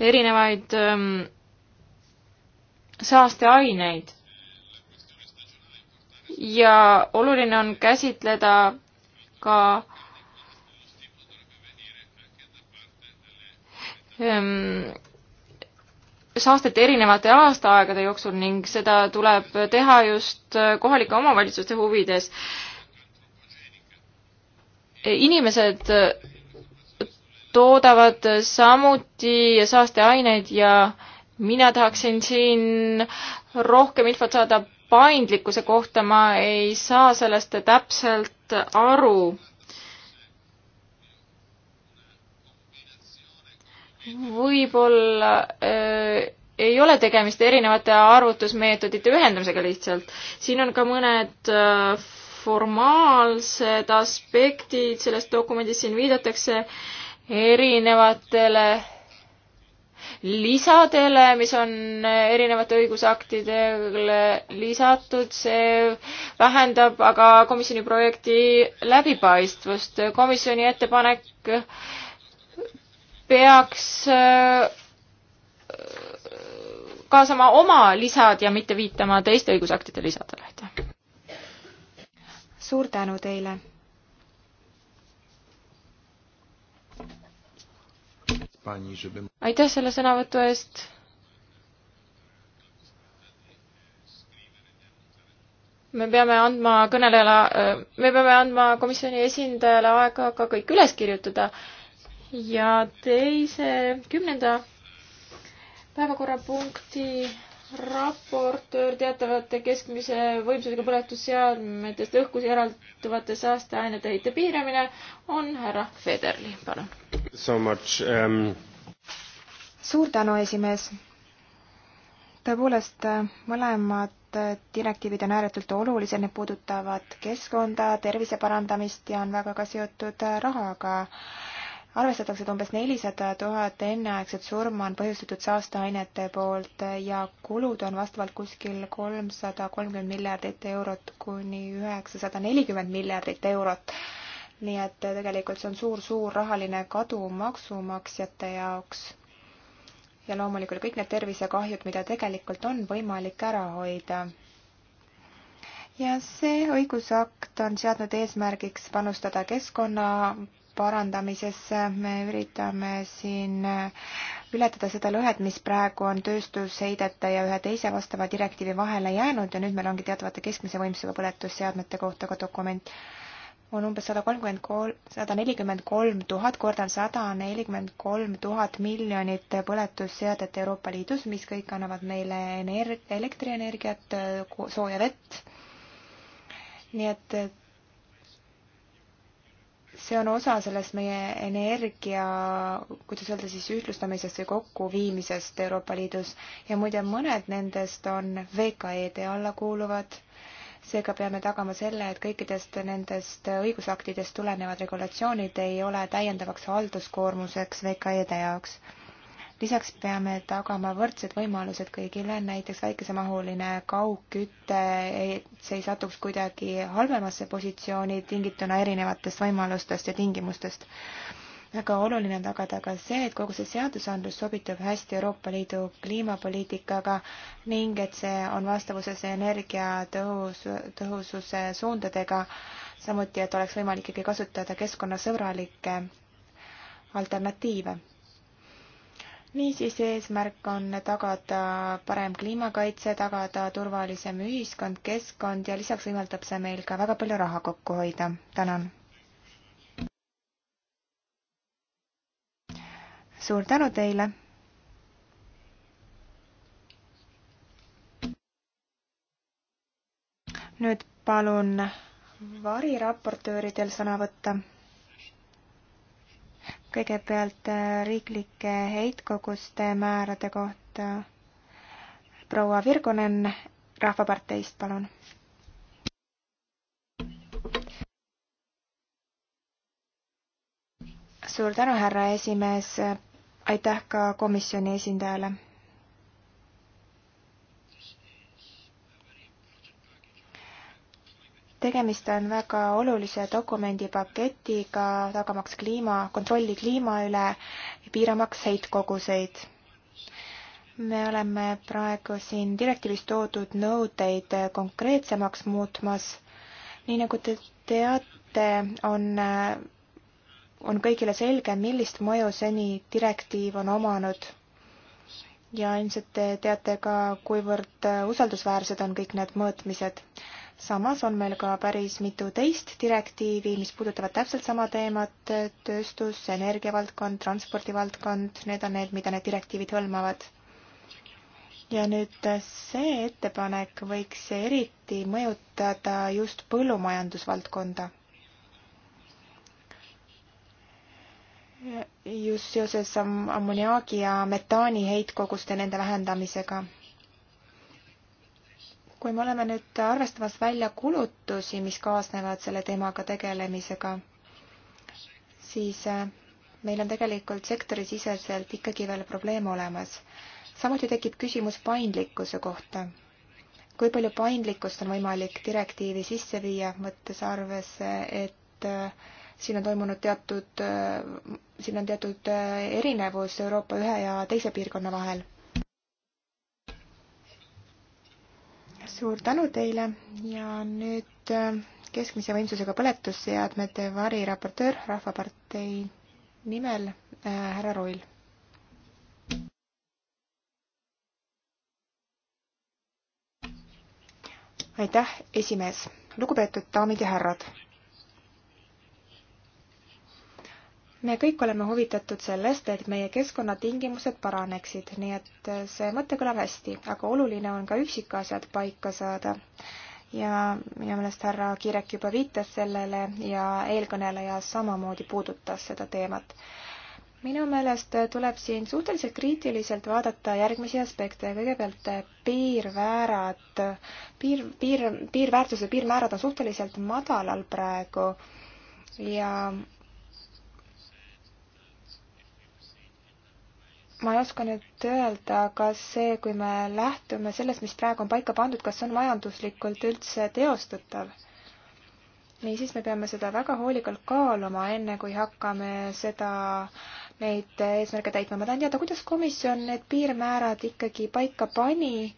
Speaker 4: erinevaid ähm, saasteaineid ja oluline on käsitleda ka ehm, saastet erinevate aastaaegade jooksul ning seda tuleb teha just kohalike omavalitsuste huvides. inimesed toodavad samuti saasteaineid ja mina tahaksin siin rohkem infot saada paindlikkuse kohta ma ei saa sellest täpselt aru. võib-olla äh, ei ole tegemist erinevate arvutusmeetodite ühendamisega lihtsalt. siin on ka mõned äh, formaalsed aspektid, selles dokumendis siin viidatakse erinevatele lisadele, mis on erinevate õigusaktidele lisatud, see vähendab aga komisjoni projekti läbipaistvust. komisjoni ettepanek peaks äh, kaasama oma lisad ja mitte viitama teiste õigusaktide
Speaker 2: lisadele, aitäh. suur tänu teile aitäh selle
Speaker 4: sõnavõtu eest. me peame andma kõnelejale, me peame andma komisjoni esindajale aega ka kõik üles kirjutada ja teise, kümnenda päevakorrapunkti raportöör teatavate keskmise võimsusega põletusseadmetest õhku eralduvate saasteainete heite piiramine
Speaker 2: on härra Federli, palun.
Speaker 1: So much um....
Speaker 2: suur tänu, esimees. tõepoolest, mõlemad direktiivid on ääretult olulised, need puudutavad keskkonda, tervise parandamist ja on väga ka seotud rahaga arvestatakse, et umbes nelisada tuhat enneaegset surma on põhjustatud saasteainete poolt ja kulud on vastavalt kuskil kolmsada kolmkümmend miljardit eurot kuni üheksasada nelikümmend miljardit eurot. nii et tegelikult see on suur-suur rahaline kadu maksumaksjate jaoks. ja loomulikult kõik need tervisekahjud, mida tegelikult on võimalik ära hoida ja see õigusakt on seadnud eesmärgiks panustada keskkonna parandamisesse, me üritame siin äh, ületada seda lõhet, mis praegu on tööstusheidete ja ühe teise vastava direktiivi vahele jäänud ja nüüd meil ongi teatavate keskmise võimsusega põletusseadmete kohta ka dokument. on umbes sada kolmkümmend kolm, sada nelikümmend kolm tuhat, kordan, sada nelikümmend kolm tuhat miljonit põletusseadet Euroopa Liidus, mis kõik annavad meile energ-, elektrienergiat, sooja vett, nii et see on osa sellest meie energia, kuidas öelda siis, ühtlustamisest või kokkuviimisest Euroopa Liidus ja muide, mõned nendest on VKE-de alla kuuluvad. seega peame tagama selle, et kõikidest nendest õigusaktidest tulenevad regulatsioonid ei ole täiendavaks halduskoormuseks VKE-de jaoks lisaks peame tagama võrdsed võimalused kõigile, näiteks väikesemahuline kaugküte, et see ei satuks kuidagi halvemasse positsiooni tingituna erinevatest võimalustest ja tingimustest. väga oluline on tagada ka see, et kogu see seadusandlus sobitub hästi Euroopa Liidu kliimapoliitikaga ning et see on vastavuses energiatõhus, tõhususe suundadega samuti, et oleks võimalik ikkagi kasutada keskkonnasõbralikke alternatiive niisiis, eesmärk on tagada parem kliimakaitse, tagada turvalisem ühiskond, keskkond ja lisaks võimaldab see meil ka väga palju raha kokku hoida. tänan. suur tänu teile. nüüd palun variraportööridel sõna võtta kõigepealt äh, riiklike heitkoguste määrade kohta. proua Virgunen Rahvaparteist, palun. suur tänu, härra esimees. aitäh ka komisjoni esindajale tegemist on väga olulise dokumendipaketiga, tagamaks kliima, kontrolli kliima üle, piiramaks heitkoguseid. me oleme praegu siin direktiivis toodud nõudeid konkreetsemaks muutmas. nii nagu te teate, on, on kõigile selge, millist mõju seni direktiiv on omanud ja ilmselt te teate ka, kuivõrd usaldusväärsed on kõik need mõõtmised samas on meil ka päris mitu teist direktiivi, mis puudutavad täpselt sama teemat, tööstus, energiavaldkond, transpordivaldkond, need on need, mida need direktiivid hõlmavad. ja nüüd see ettepanek võiks eriti mõjutada just põllumajandusvaldkonda just seoses ammoniaagi ja metaani heitkoguste nende vähendamisega kui me oleme nüüd arvestamas välja kulutusi, mis kaasnevad selle teemaga tegelemisega, siis äh, meil on tegelikult sektorisiseselt ikkagi veel probleem olemas. samuti tekib küsimus paindlikkuse kohta. kui palju paindlikkust on võimalik direktiivi sisse viia, võttes arvesse, et äh, siin on toimunud teatud, äh, siin on teatud erinevus Euroopa ühe ja teise piirkonna vahel suur tänu teile ja nüüd äh, keskmise võimsusega põletusseadmete variraportöör Rahvapartei nimel äh, härra Roil. aitäh, esimees, lugupeetud daamid ja härrad me kõik oleme huvitatud sellest, et meie keskkonnatingimused paraneksid, nii et see mõte kõlab hästi, aga oluline on ka üksikasjad paika saada. ja minu meelest härra Kirek juba viitas sellele ja eelkõneleja samamoodi puudutas seda teemat. minu meelest tuleb siin suhteliselt kriitiliselt vaadata järgmisi aspekte, kõigepealt piirväärad, piir, piir, piirväärtuse piirmäärad on suhteliselt madalal praegu ja ma ei oska nüüd öelda, kas see, kui me lähtume sellest, mis praegu on paika pandud, kas on majanduslikult üldse teostatav. niisiis, me peame seda väga hoolikalt kaaluma, enne kui hakkame seda, neid eesmärke täitma. ma tahan teada, kuidas komisjon need piirmäärad ikkagi paika pani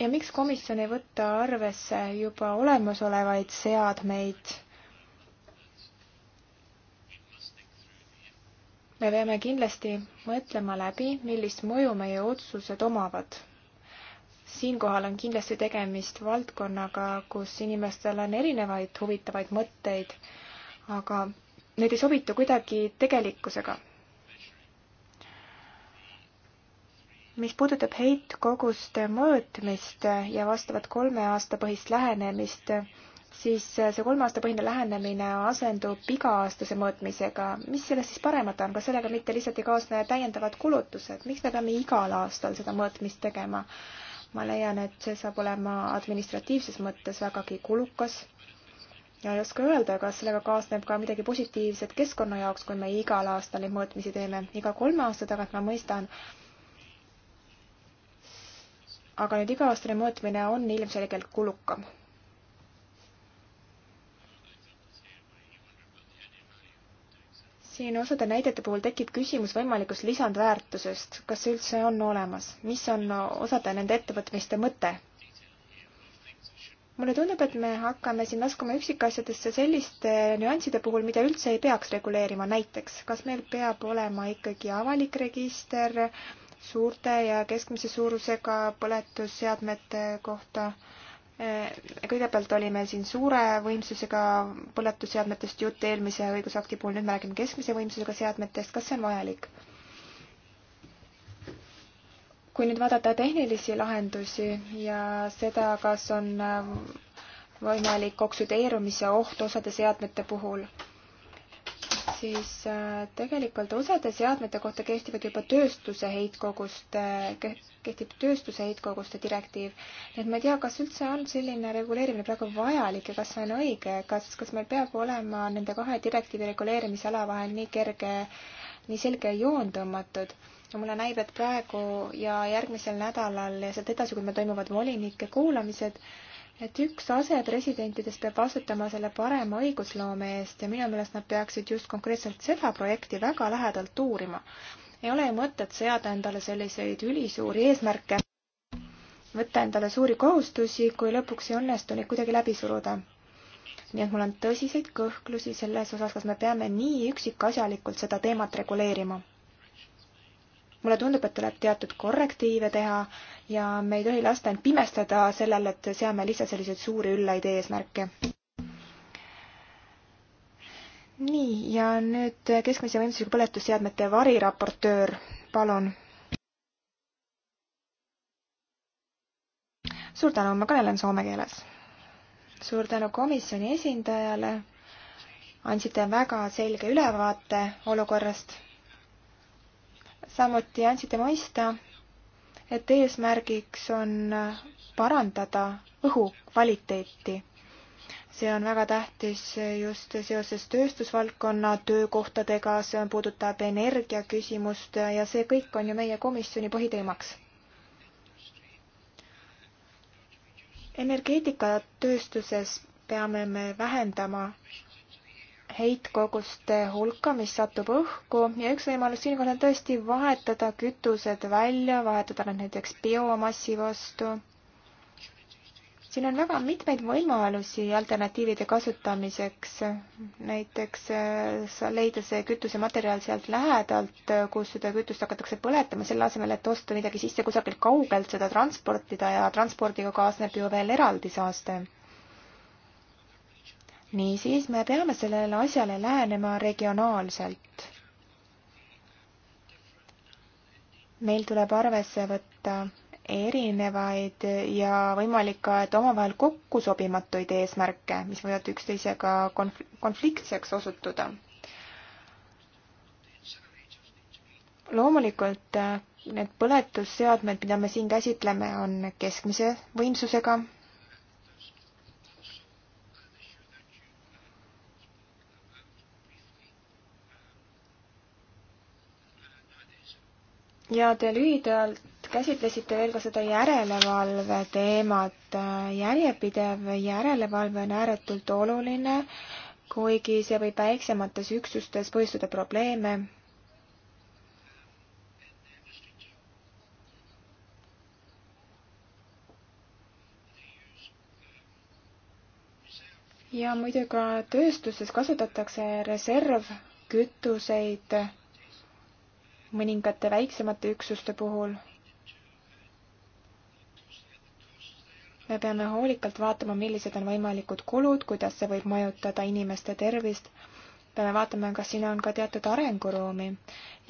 Speaker 2: ja miks komisjon ei võta arvesse juba olemasolevaid seadmeid me peame kindlasti mõtlema läbi, millist mõju meie otsused omavad. siinkohal on kindlasti tegemist valdkonnaga, kus inimestel on erinevaid huvitavaid mõtteid, aga need ei sobitu kuidagi tegelikkusega. mis puudutab heitkoguste mõõtmist ja vastavat kolme aasta põhist lähenemist, siis see kolme aasta põhine lähenemine asendub iga-aastase mõõtmisega. mis sellest siis paremat on, kas sellega mitte lihtsalt ei kaasne täiendavad kulutused, miks me peame igal aastal seda mõõtmist tegema? ma leian, et see saab olema administratiivses mõttes vägagi kulukas ja ei oska öelda, kas sellega kaasneb ka midagi positiivset keskkonna jaoks, kui me igal aastal neid mõõtmisi teeme. iga kolme aasta tagant ma mõistan, aga nüüd iga-aastane mõõtmine on ilmselgelt kulukam siin osade näidete puhul tekib küsimus võimalikust lisandväärtusest, kas see üldse on olemas, mis on osade nende ettevõtmiste mõte? mulle tundub, et me hakkame siin laskuma üksikasjadesse selliste nüansside puhul, mida üldse ei peaks reguleerima, näiteks kas meil peab olema ikkagi avalik register suurte ja keskmise suurusega põletusseadmete kohta äh, Äh, kõigepealt oli meil siin suure võimsusega põletusseadmetest jutt eelmise õigusakti puhul, nüüd me räägime keskmise võimsusega seadmetest, kas see on vajalik? kui nüüd vaadata tehnilisi lahendusi ja seda, kas on äh, võimalik oksüdeerumise oht osade seadmete puhul, siis äh, tegelikult osade seadmete kohta kehtivad juba tööstuse heitkoguste kehtib tööstuse heitkoguste direktiiv. et ma ei tea, kas üldse on selline reguleerimine praegu vajalik ja kas see on õige, kas, kas meil peab olema nende kahe direktiivi reguleerimisala vahel nii kerge, nii selge joon tõmmatud? ja mulle näib, et praegu ja järgmisel nädalal ja sealt edasi, kui meil toimuvad volinike kuulamised, et üks asepresidentidest peab vastutama selle parema õigusloome eest ja minu meelest nad peaksid just konkreetselt seda projekti väga lähedalt uurima ei ole ju mõtet seada endale selliseid ülisuuri eesmärke, võtta endale suuri kohustusi, kui lõpuks ei õnnestu neid kuidagi läbi suruda. nii et mul on tõsiseid kõhklusi selles osas, kas me peame nii üksikasjalikult seda teemat reguleerima. mulle tundub, et tuleb teatud korrektiive teha ja me ei tohi lasta end pimestada sellele, et seame lihtsalt selliseid suuri üllaid eesmärke nii, ja nüüd keskmise võimsusega põletusseadmete variraportöör, palun. suur tänu, ma kõnelen soome keeles. suur tänu komisjoni esindajale, andsite väga selge ülevaate olukorrast. samuti andsite mõista, et eesmärgiks on parandada õhu kvaliteeti see on väga tähtis just seoses tööstusvaldkonna töökohtadega, see puudutab energiaküsimust ja see kõik on ju meie komisjoni põhiteemaks. energeetikatööstuses peame me vähendama heitkoguste hulka, mis satub õhku ja üks võimalus siinkohal on tõesti vahetada kütused välja, vahetada nad näiteks biomassi vastu siin on väga mitmeid võimalusi alternatiivide kasutamiseks, näiteks äh, leida see kütusematerjal sealt lähedalt, äh, kus seda kütust hakatakse põletama, selle asemel, et osta midagi sisse kusagilt kaugelt, seda transportida ja transpordiga kaasneb ju veel eraldi saaste niisiis, me peame sellele asjale lähenema regionaalselt. meil tuleb arvesse võtta erinevaid ja võimalik ka, et omavahel kokku sobimatuid eesmärke, mis võivad üksteisega konf-, konfliktseks osutuda. loomulikult äh, need põletusseadmed, mida me siin käsitleme, on keskmise võimsusega ja te lühidalt käsitlesite veel ka seda järelevalve teemat. järjepidev järelevalve on ääretult oluline, kuigi see võib väiksemates üksustes põhjustada probleeme. ja muidu ka tööstuses kasutatakse reservkütuseid mõningate väiksemate üksuste puhul me peame hoolikalt vaatama, millised on võimalikud kulud, kuidas see võib mõjutada inimeste tervist. peame vaatama, kas siin on ka teatud arenguruumi.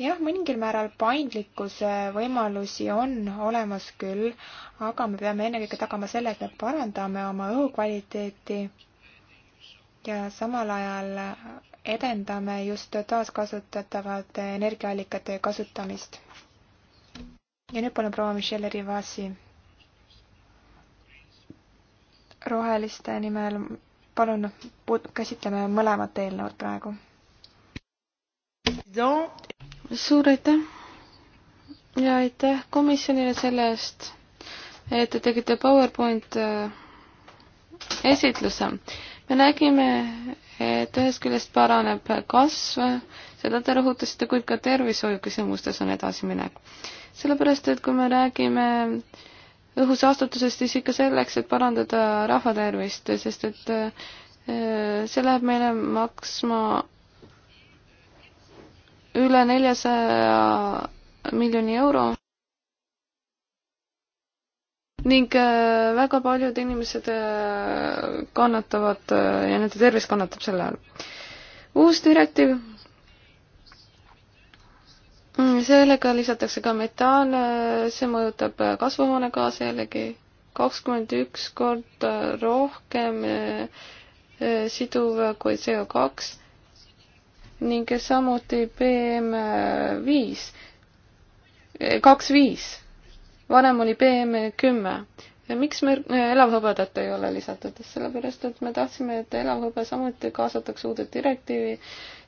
Speaker 2: jah, mõningil määral paindlikkuse võimalusi on olemas küll, aga me peame ennekõike tagama selle, et me parandame oma õhukvaliteeti ja samal ajal edendame just taaskasutatavate energiaallikate kasutamist. ja nüüd palun proua Michelle Rivasi roheliste nimel, palun käsitleme mõlemat eelnõud praegu.
Speaker 3: suur aitäh ja aitäh komisjonile selle eest, et te tegite PowerPoint äh, esitluse. me nägime, et ühest küljest paraneb kasv, seda te rõhutasite, kuid ka tervishoiu küsimustes on edasiminek. sellepärast, et kui me räägime äh, õhusaastutusest, siis ikka selleks, et parandada rahva tervist, sest et äh, see läheb meile maksma üle neljasaja miljoni euro. ning äh, väga paljud inimesed äh, kannatavad ja nende tervis kannatab selle all. uus direktiiv Mm, sellega lisatakse ka metaan, see mõjutab kasvuhoonegaase jällegi kakskümmend üks korda rohkem eh, eh, siduv kui CO2 ning samuti PM viis, eh, kaks viis. varem oli PM kümme. miks me elavhõbedat ei ole lisatud, sellepärast et me tahtsime, et elavhõbe samuti kaasatakse uude direktiivi,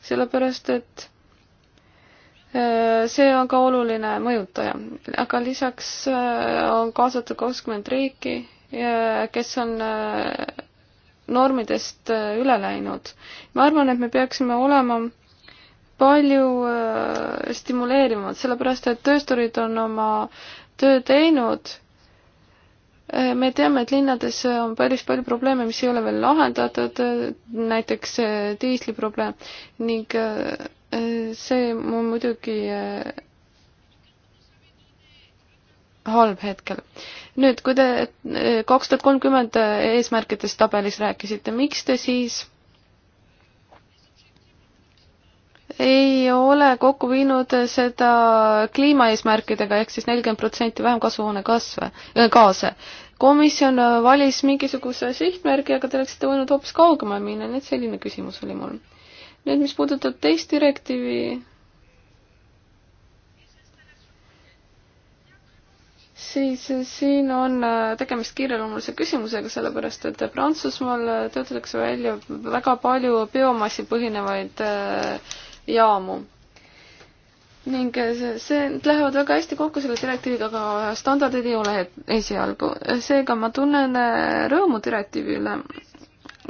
Speaker 3: sellepärast et Äh, see on ka oluline mõjutaja, aga lisaks äh, on kaasatud kakskümmend riiki, äh, kes on normidest üle läinud. ma arvan, et me peaksime olema palju stimuleerivamad, sellepärast et töösturid on oma töö teinud. me teame, et linnades on päris palju probleeme, mis ei ole veel lahendatud, näiteks diisli probleem ning see on muidugi äh, halb hetkel. nüüd, kui te äh, kaks tuhat kolmkümmend äh, eesmärkidest tabelis rääkisite, miks te siis ei ole kokku viinud seda kliimaeesmärkidega ehk siis nelikümmend protsenti vähem kasvuhoonekasve, gaase? komisjon valis mingisuguse sihtmärgi, aga te oleksite võinud hoopis kaugemale minna, nii et selline küsimus oli mul nüüd, mis puudutab teist direktiivi, siis siin on äh, tegemist kiireloomulise küsimusega, sellepärast et Prantsusmaal töötatakse välja väga palju biomassi põhinevaid äh, jaamu. ning äh, see, see, need lähevad väga hästi kokku selle direktiiviga, aga standardid ei ole esialgu. seega ma tunnen rõõmu direktiivi üle,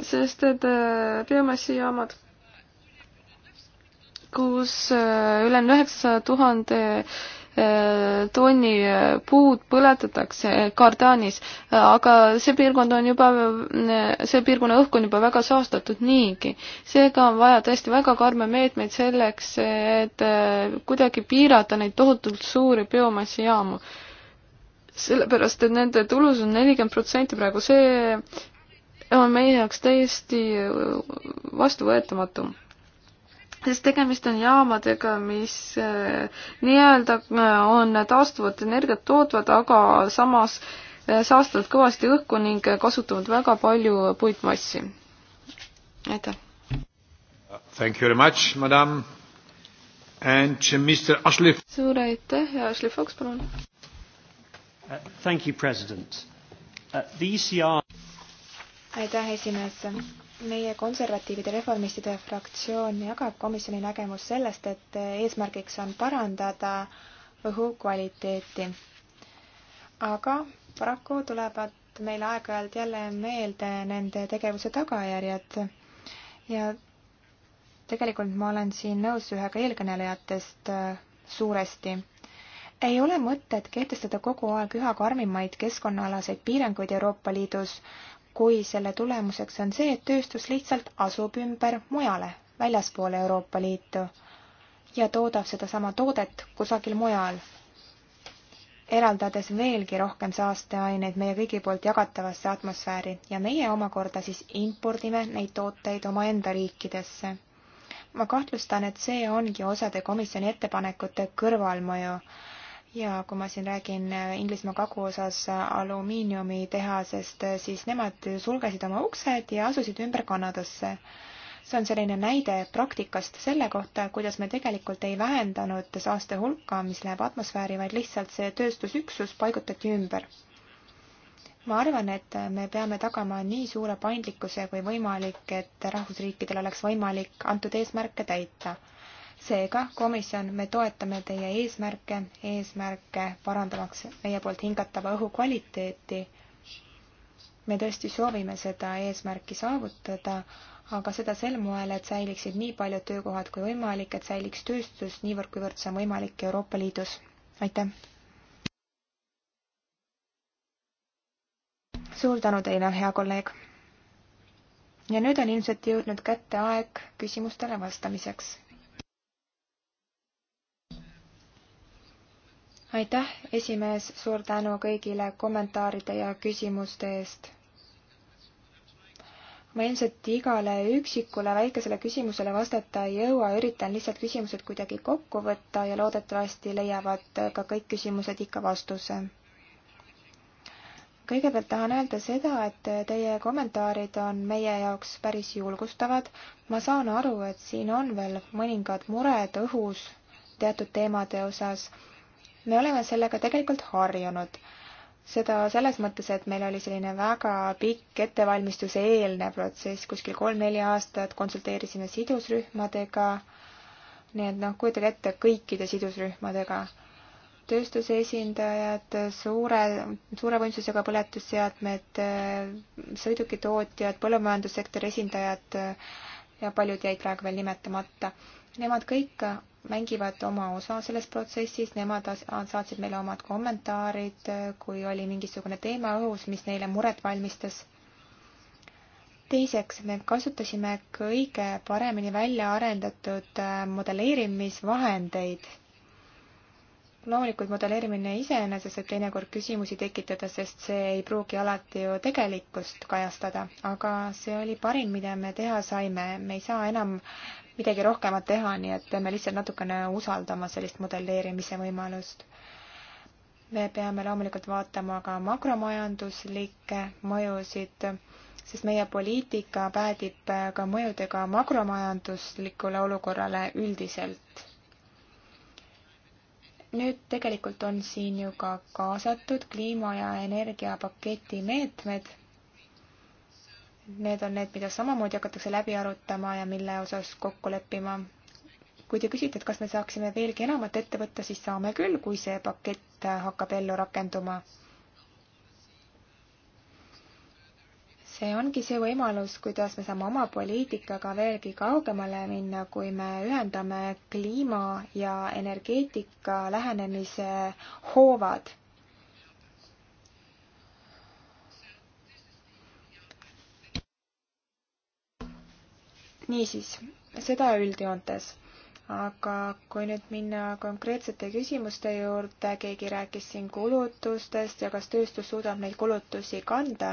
Speaker 3: sest et biomassi jaamad kus äh, üle üheksasaja tuhande äh, tonni äh, puud põletatakse Kardanis, aga see piirkond on juba, see piirkonna õhk on juba väga saastatud niigi. seega on vaja tõesti väga karme meetmeid selleks, et kuidagi piirata neid tohutult suuri biomassijaamu. sellepärast, et nende tulus on nelikümmend protsenti praegu, see on meie jaoks täiesti vastuvõetamatu sest tegemist on jaamadega, mis äh, nii-öelda äh, on taastuvat energiat tootvad, aga samas äh, saastavad kõvasti õhku ning kasutavad väga palju puitmassi. aitäh!
Speaker 1: Thank you very much, madam and Mr Ashley.
Speaker 3: suur aitäh ja Ashley Fox, palun
Speaker 1: uh,! Thank you, president uh,. The ECR.
Speaker 2: aitäh, esimees meie konservatiivide reformistide fraktsioon jagab komisjoni nägemust sellest, et eesmärgiks on parandada õhukvaliteeti. aga paraku tulevad meile aeg-ajalt jälle meelde nende tegevuse tagajärjed ja tegelikult ma olen siin nõus ühega eelkõnelejatest äh, suuresti ei ole mõtet kehtestada kogu aeg üha karmimaid keskkonnaalaseid piiranguid Euroopa Liidus, kui selle tulemuseks on see, et tööstus lihtsalt asub ümber mujale, väljaspoole Euroopa Liitu ja toodab sedasama toodet kusagil mujal, eraldades veelgi rohkem saasteaineid meie kõigi poolt jagatavasse atmosfääri ja meie omakorda siis impordime neid tooteid omaenda riikidesse. ma kahtlustan, et see ongi osade komisjoni ettepanekute kõrvalmõju ja kui ma siin räägin äh, Inglismaa kaguosas äh, alumiiniumitehasest, äh, siis nemad sulgesid oma uksed ja asusid ümber Kanadasse. see on selline näide praktikast selle kohta, kuidas me tegelikult ei vähendanud saaste hulka, mis läheb atmosfääri, vaid lihtsalt see tööstusüksus paigutati ümber. ma arvan, et me peame tagama nii suure paindlikkuse kui võimalik, et rahvusriikidel oleks võimalik antud eesmärke täita seega, komisjon, me toetame teie eesmärke, eesmärke parandamaks meie poolt hingatava õhu kvaliteeti. me tõesti soovime seda eesmärki saavutada, aga seda sel moel, et säiliksid nii paljud töökohad kui võimalik, et säiliks tööstus niivõrd, kuivõrd see on võimalik Euroopa Liidus. aitäh! suur tänu teile, hea kolleeg! ja nüüd on ilmselt jõudnud kätte aeg küsimustele vastamiseks aitäh, esimees, suur tänu kõigile kommentaaride ja küsimuste eest. ma ilmselt igale üksikule väikesele küsimusele vastata ei jõua, üritan lihtsalt küsimused kuidagi kokku võtta ja loodetavasti leiavad ka kõik küsimused ikka vastuse. kõigepealt tahan öelda seda, et teie kommentaarid on meie jaoks päris julgustavad. ma saan aru, et siin on veel mõningad mured õhus teatud teemade osas me oleme sellega tegelikult harjunud. seda selles mõttes, et meil oli selline väga pikk ettevalmistuse eelne protsess, kuskil kolm-neli aastat konsulteerisime sidusrühmadega, nii et noh, kujutage ette kõikide sidusrühmadega, tööstuse esindajad, suure, suure võimsusega põletusseadmed, sõidukitootjad, põllumajandussektori esindajad ja paljud jäid praegu veel nimetamata. Nemad kõik mängivad oma osa selles protsessis, nemad saatsid meile omad kommentaarid, kui oli mingisugune teema õhus, mis neile muret valmistas. teiseks, me kasutasime kõige paremini välja arendatud äh, modelleerimisvahendeid. loomulikult modelleerimine iseenesest võib teinekord küsimusi tekitada, sest see ei pruugi alati ju tegelikkust kajastada, aga see oli parim, mida me teha saime, me ei saa enam midagi rohkemat teha, nii et me lihtsalt natukene usaldama sellist modelleerimise võimalust. me peame loomulikult vaatama ka makromajanduslikke mõjusid, sest meie poliitika päädib ka mõjudega makromajanduslikule olukorrale üldiselt. nüüd tegelikult on siin ju ka kaasatud kliima- ja energiapaketi meetmed Need on need, mida samamoodi hakatakse läbi arutama ja mille osas kokku leppima. kui te küsite, et kas me saaksime veelgi enamat ette võtta, siis saame küll, kui see pakett hakkab ellu rakenduma. see ongi see võimalus, kuidas me saame oma poliitikaga veelgi kaugemale minna, kui me ühendame kliima ja energeetika lähenemise hoovad niisiis, seda üldjoontes. aga kui nüüd minna konkreetsete küsimuste juurde, keegi rääkis siin kulutustest ja kas tööstus suudab neid kulutusi kanda,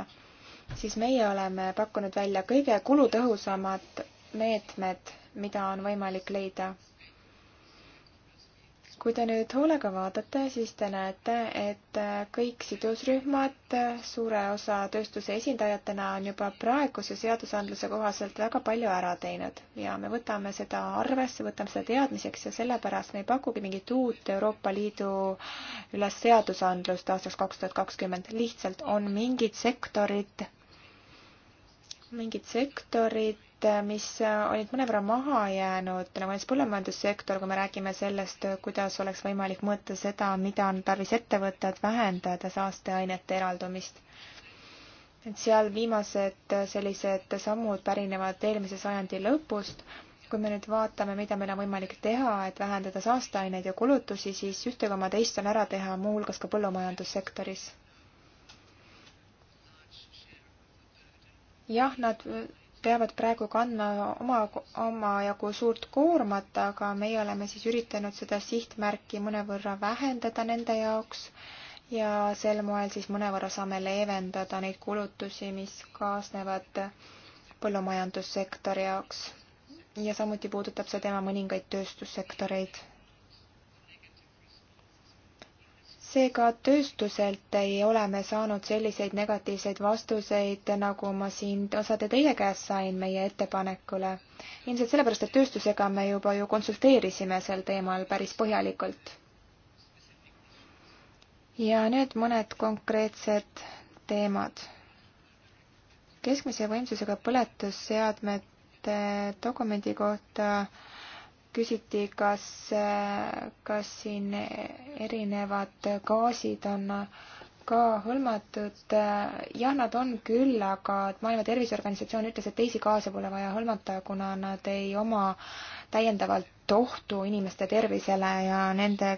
Speaker 2: siis meie oleme pakkunud välja kõige kulutõhusamad meetmed, mida on võimalik leida kui te nüüd hoolega vaatate, siis te näete, et kõik sidusrühmad suure osa tööstuse esindajatena on juba praeguse seadusandluse kohaselt väga palju ära teinud ja me võtame seda arvesse, võtame seda teadmiseks ja sellepärast me ei pakugi mingit uut Euroopa Liidu üles seadusandlust aastaks kaks tuhat kakskümmend, lihtsalt on mingid sektorid, mingid sektorid, Äh, mis äh, olid mõnevõrra maha jäänud, nagu näiteks põllumajandussektor, kui me räägime sellest, äh, kuidas oleks võimalik mõõta seda, mida on tarvis ette võtta, et vähendada saasteainete eraldumist. et seal viimased sellised sammud pärinevad eelmise sajandi lõpust. kui me nüüd vaatame, mida meil on võimalik teha, et vähendada saasteaineid ja kulutusi, siis ühte koma teist on ära teha muuhulgas ka põllumajandussektoris. jah, nad peavad praegu kandma oma, omajagu suurt koormat, aga meie oleme siis üritanud seda sihtmärki mõnevõrra vähendada nende jaoks ja sel moel siis mõnevõrra saame leevendada neid kulutusi, mis kaasnevad põllumajandussektori jaoks. ja samuti puudutab see tema mõningaid tööstussektoreid seega tööstuselt ei ole me saanud selliseid negatiivseid vastuseid, nagu ma siin osade teie käest sain meie ettepanekule. ilmselt sellepärast, et tööstusega me juba ju konsulteerisime sel teemal päris põhjalikult. ja nüüd mõned konkreetsed teemad. keskmise võimsusega põletusseadmete dokumendi kohta äh, küsiti, kas, kas siin erinevad gaasid on ka hõlmatud. jah, nad on küll, aga Maailma Terviseorganisatsioon ütles, et teisi gaase pole vaja hõlmata, kuna nad ei oma täiendavalt ohtu inimeste tervisele ja nende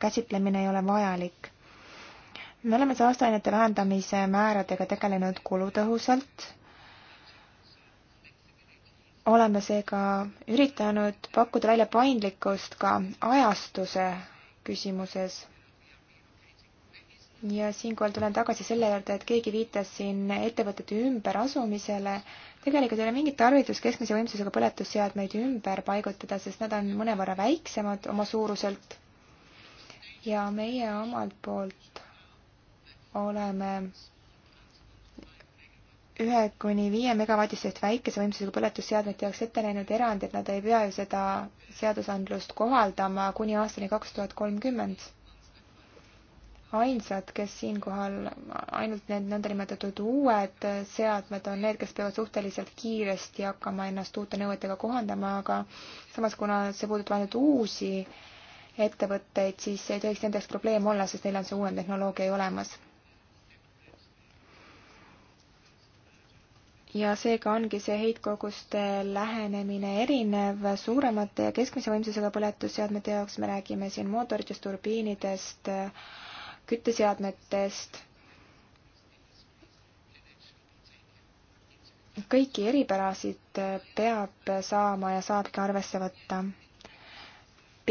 Speaker 2: käsitlemine ei ole vajalik. me oleme saasteainete vähendamise määradega tegelenud kulutõhusalt oleme seega üritanud pakkuda välja paindlikkust ka ajastuse küsimuses. ja siinkohal tulen tagasi selle juurde, et keegi viitas siin ettevõtete ümberasumisele. tegelikult ei ole mingit tarvidust keskmise võimsusega põletusseadmeid ümber paigutada, sest nad on mõnevõrra väiksemad oma suuruselt. ja meie omalt poolt oleme ühe kuni viie megavatistest väikese võimsusega põletusseadmete jaoks ette näinud erand, et nad ei pea ju seda seadusandlust kohaldama kuni aastani kaks tuhat kolmkümmend. ainsad, kes siinkohal, ainult need nõndanimetatud uued seadmed on need, kes peavad suhteliselt kiiresti hakkama ennast uute nõuetega kohandama, aga samas, kuna see puudutab ainult uusi ettevõtteid, siis ei tohiks nendeks probleem olla, sest neil on see uuem tehnoloogia ju olemas ja seega ongi see heitkoguste lähenemine erinev suuremate ja keskmise võimsusega põletusseadmete jaoks, me räägime siin mootoritest, turbiinidest, kütteseadmetest, kõiki eripärasid peab saama ja saabki arvesse võtta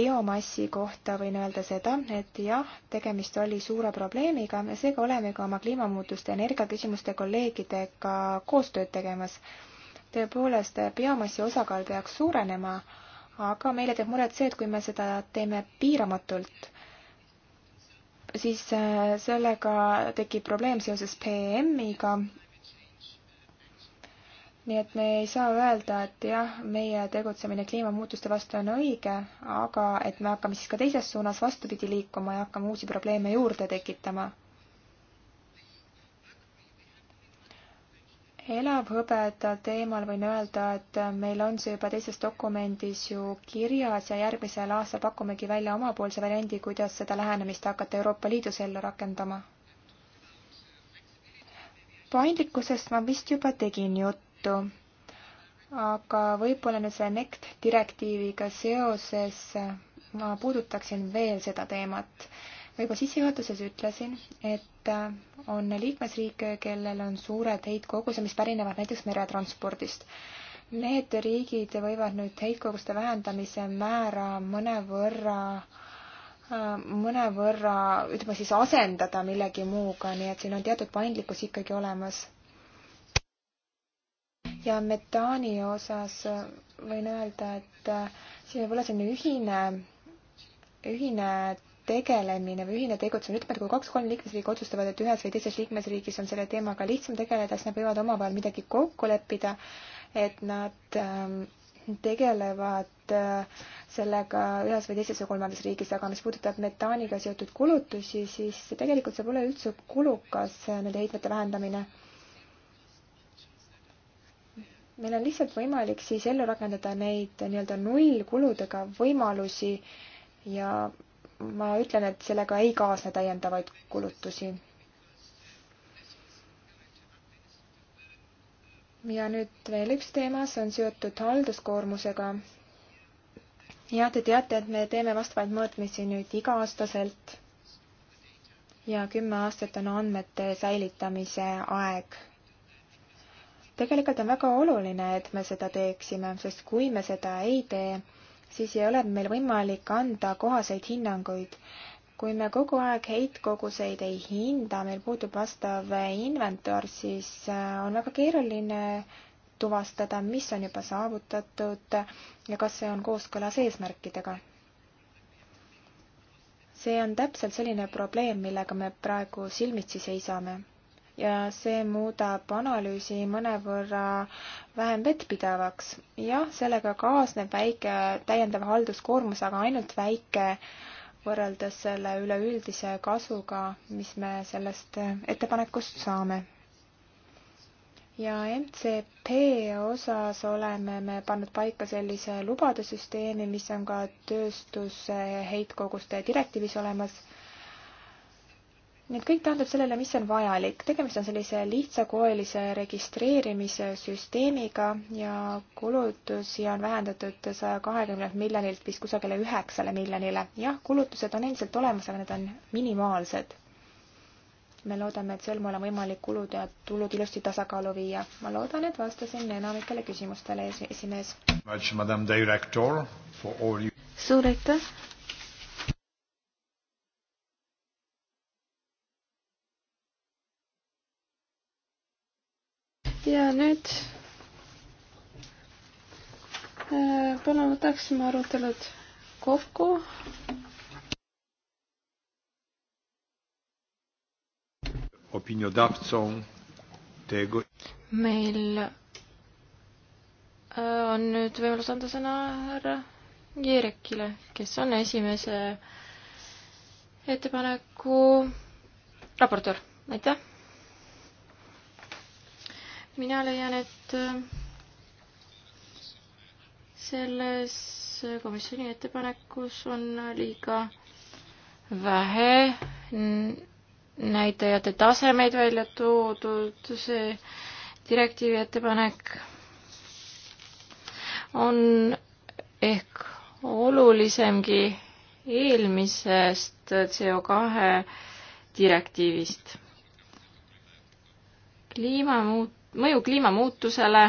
Speaker 2: biomassi kohta võin öelda seda, et jah, tegemist oli suure probleemiga ja seega oleme ka oma kliimamuutuste energiaküsimuste kolleegidega koostööd tegemas. tõepoolest, biomassi osakaal peaks suurenema, aga meile teeb muret see, et kui me seda teeme piiramatult, siis äh, sellega tekib probleem seoses PM-iga nii et me ei saa öelda, et jah, meie tegutsemine kliimamuutuste vastu on õige, aga et me hakkame siis ka teises suunas vastupidi liikuma ja hakkame uusi probleeme juurde tekitama. elavhõbeda teemal võin öelda, et meil on see juba teises dokumendis ju kirjas ja järgmisel aastal pakumegi välja omapoolse variandi, kuidas seda lähenemist hakata Euroopa Liidus ellu rakendama. paindlikkusest ma vist juba tegin juttu tõttu, aga võib-olla nüüd selle NECT direktiiviga seoses ma puudutaksin veel seda teemat. ma juba sissejuhatuses ütlesin, et on liikmesriike, kellel on suured heitkogused, mis pärinevad näiteks meretranspordist. Need riigid võivad nüüd heitkoguste vähendamise määra mõnevõrra mõnevõrra, ütleme siis asendada millegi muuga, nii et siin on teatud paindlikkus ikkagi olemas ja metaani osas võin öelda, et äh, siin võib olla selline ühine, ühine tegelemine või ühine tegutsemine, ütleme, et kui kaks-kolm liikmesriiki otsustavad, et ühes või teises liikmesriigis on selle teemaga lihtsam tegeleda, siis nad võivad omavahel midagi kokku leppida, et nad ähm, tegelevad äh, sellega ühes või teises või kolmandas riigis, aga mis puudutab metaaniga seotud kulutusi, siis tegelikult see pole üldse kulukas, äh, nende heitmete vähendamine meil on lihtsalt võimalik siis ellu rakendada neid nii-öelda nullkuludega võimalusi ja ma ütlen, et sellega ei kaasne täiendavaid kulutusi. ja nüüd veel üks teema, see on seotud halduskoormusega. ja te teate, et me teeme vastavaid mõõtmisi nüüd iga-aastaselt ja kümme aastat on andmete säilitamise aeg tegelikult on väga oluline, et me seda teeksime, sest kui me seda ei tee, siis ei ole meil võimalik anda kohaseid hinnanguid. kui me kogu aeg heitkoguseid ei hinda, meil puudub vastav inventar, siis äh, on väga keeruline tuvastada, mis on juba saavutatud ja kas see on kooskõlas eesmärkidega. see on täpselt selline probleem, millega me praegu silmitsi seisame ja see muudab analüüsi mõnevõrra vähem vettpidavaks. jah, sellega kaasneb väike täiendav halduskoormus, aga ainult väike võrreldes selle üleüldise kasuga, mis me sellest ettepanekust saame. ja MCP osas oleme me pannud paika sellise lubade süsteemi, mis on ka tööstusheitkoguste direktiivis olemas nii et kõik taandub sellele, mis on vajalik. tegemist on sellise lihtsakoelise registreerimise süsteemiga ja kulutusi on vähendatud saja kahekümnelt miljonilt vist kusagile üheksale miljonile. jah, kulutused on endiselt olemas, aga need on minimaalsed. me loodame, et sel moel on võimalik kulud ja tulud ilusti tasakaalu viia. ma loodan, et vastasin enamikele küsimustele, esimees. suur aitäh
Speaker 3: nüüd äh, palun võtaksime arutelud kokku.
Speaker 4: meil äh, on nüüd võimalus anda sõna härra Jerekile, kes on esimese ettepaneku raportöör, aitäh mina leian, et äh, selles komisjoni ettepanekus on liiga vähe näitajate tasemeid välja toodud, see direktiivi ettepanek on ehk olulisemgi eelmisest CO2 direktiivist. kliimamuut-, mõju kliimamuutusele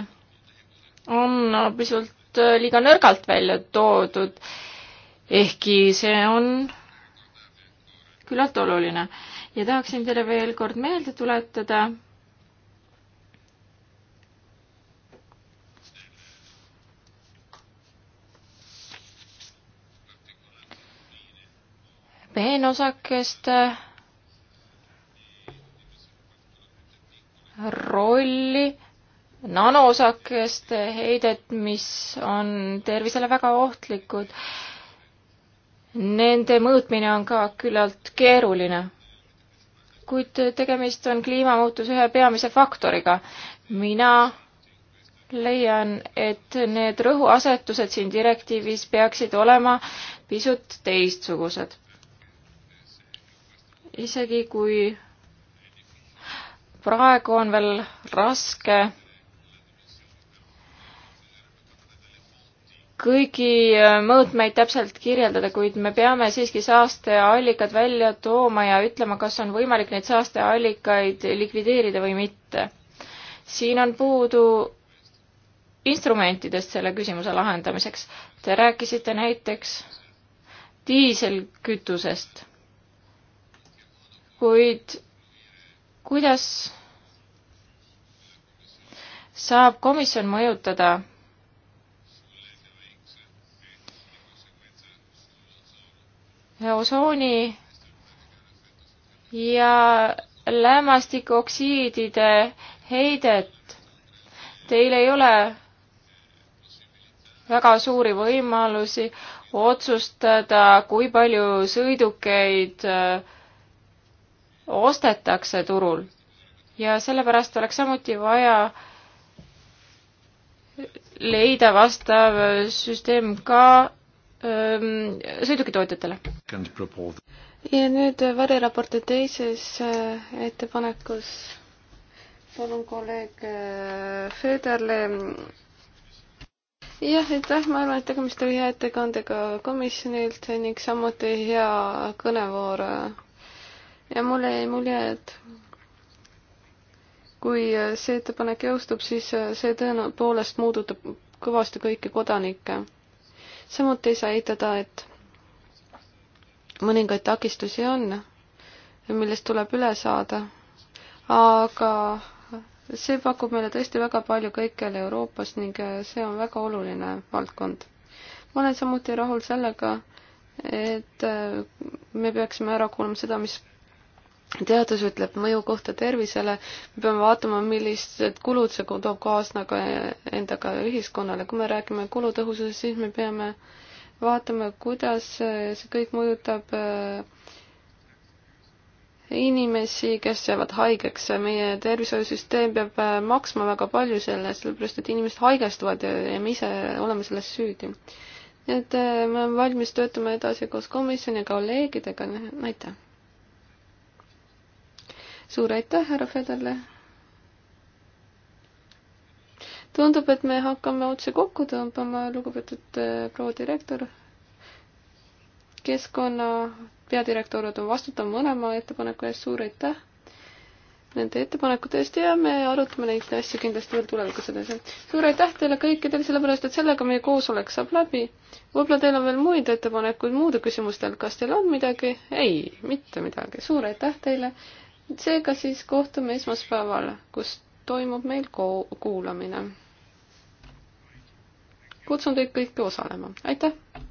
Speaker 4: on pisut äh, liiga nõrgalt välja toodud, ehkki see on küllalt oluline. ja tahaksin teile veel kord meelde tuletada, peenosakeste äh, rolli, nanoosakeste heidet, mis on tervisele väga ohtlikud. Nende mõõtmine on ka küllalt keeruline. kuid tegemist on kliimamuutuse ühe peamise faktoriga. mina leian, et need rõhuasetused siin direktiivis peaksid olema pisut teistsugused. isegi kui praegu on veel raske kõigi äh, mõõtmeid täpselt kirjeldada, kuid me peame siiski saasteallikad välja tooma ja ütlema, kas on võimalik neid saasteallikaid likvideerida või mitte. siin on puudu instrumentidest selle küsimuse lahendamiseks. Te rääkisite näiteks diiselkütusest, kuid kuidas saab komisjon mõjutada osooni ja lämmastikoksiidide heidet. Teil ei ole väga suuri võimalusi otsustada, kui palju sõidukeid äh, ostetakse turul. ja sellepärast oleks samuti vaja leida vastav süsteem ka öö, ähm,
Speaker 3: sõidukitootjatele. ja nüüd variraporti teises äh, ettepanekus palun kolleeg äh, Föderle jah, aitäh, ma arvan, et tegemist oli hea ettekandega komisjonilt ning samuti hea kõnevoor ja mulle jäi mulje, et kui see ettepanek jõustub, siis see tõenäoliselt muudutab kõvasti kõiki kodanikke. samuti ei saa eitada, et mõningaid takistusi on, millest tuleb üle saada, aga see pakub meile tõesti väga palju kõikjal Euroopas ning see on väga oluline valdkond. ma olen samuti rahul sellega, et me peaksime ära kuulama seda, mis teadus ütleb mõju kohta tervisele, me peame vaatama, millised kulud see toob kaasna ka endaga ühiskonnale, kui me räägime kulutõhususest, siis me peame vaatama, kuidas see kõik mõjutab äh, inimesi, kes jäävad haigeks, meie tervishoiusüsteem peab äh, maksma väga palju selle, sellepärast et inimesed haigestuvad ja me ise oleme selles süüdi. nii et äh, me oleme valmis töötama edasi koos komisjoni ja kolleegidega, aitäh! suur aitäh, härra Federle. tundub, et me hakkame otse kokku tõmbama, lugupeetud äh, proua direktor. keskkonna peadirektorid on vastutav mõlema ettepaneku eest, suur aitäh nende ettepanekute eest ja me arutame neid asju kindlasti veel tulevikus edasi. suur aitäh teile kõikidele, sellepärast et sellega meie koosolek saab läbi. võib-olla teil on veel muid ettepanekuid muude küsimustel, kas teil on midagi? ei, mitte midagi, suur aitäh teile seega siis kohtume esmaspäeval, kus toimub meil kuulamine. kutsun teid kõiki osalema, aitäh!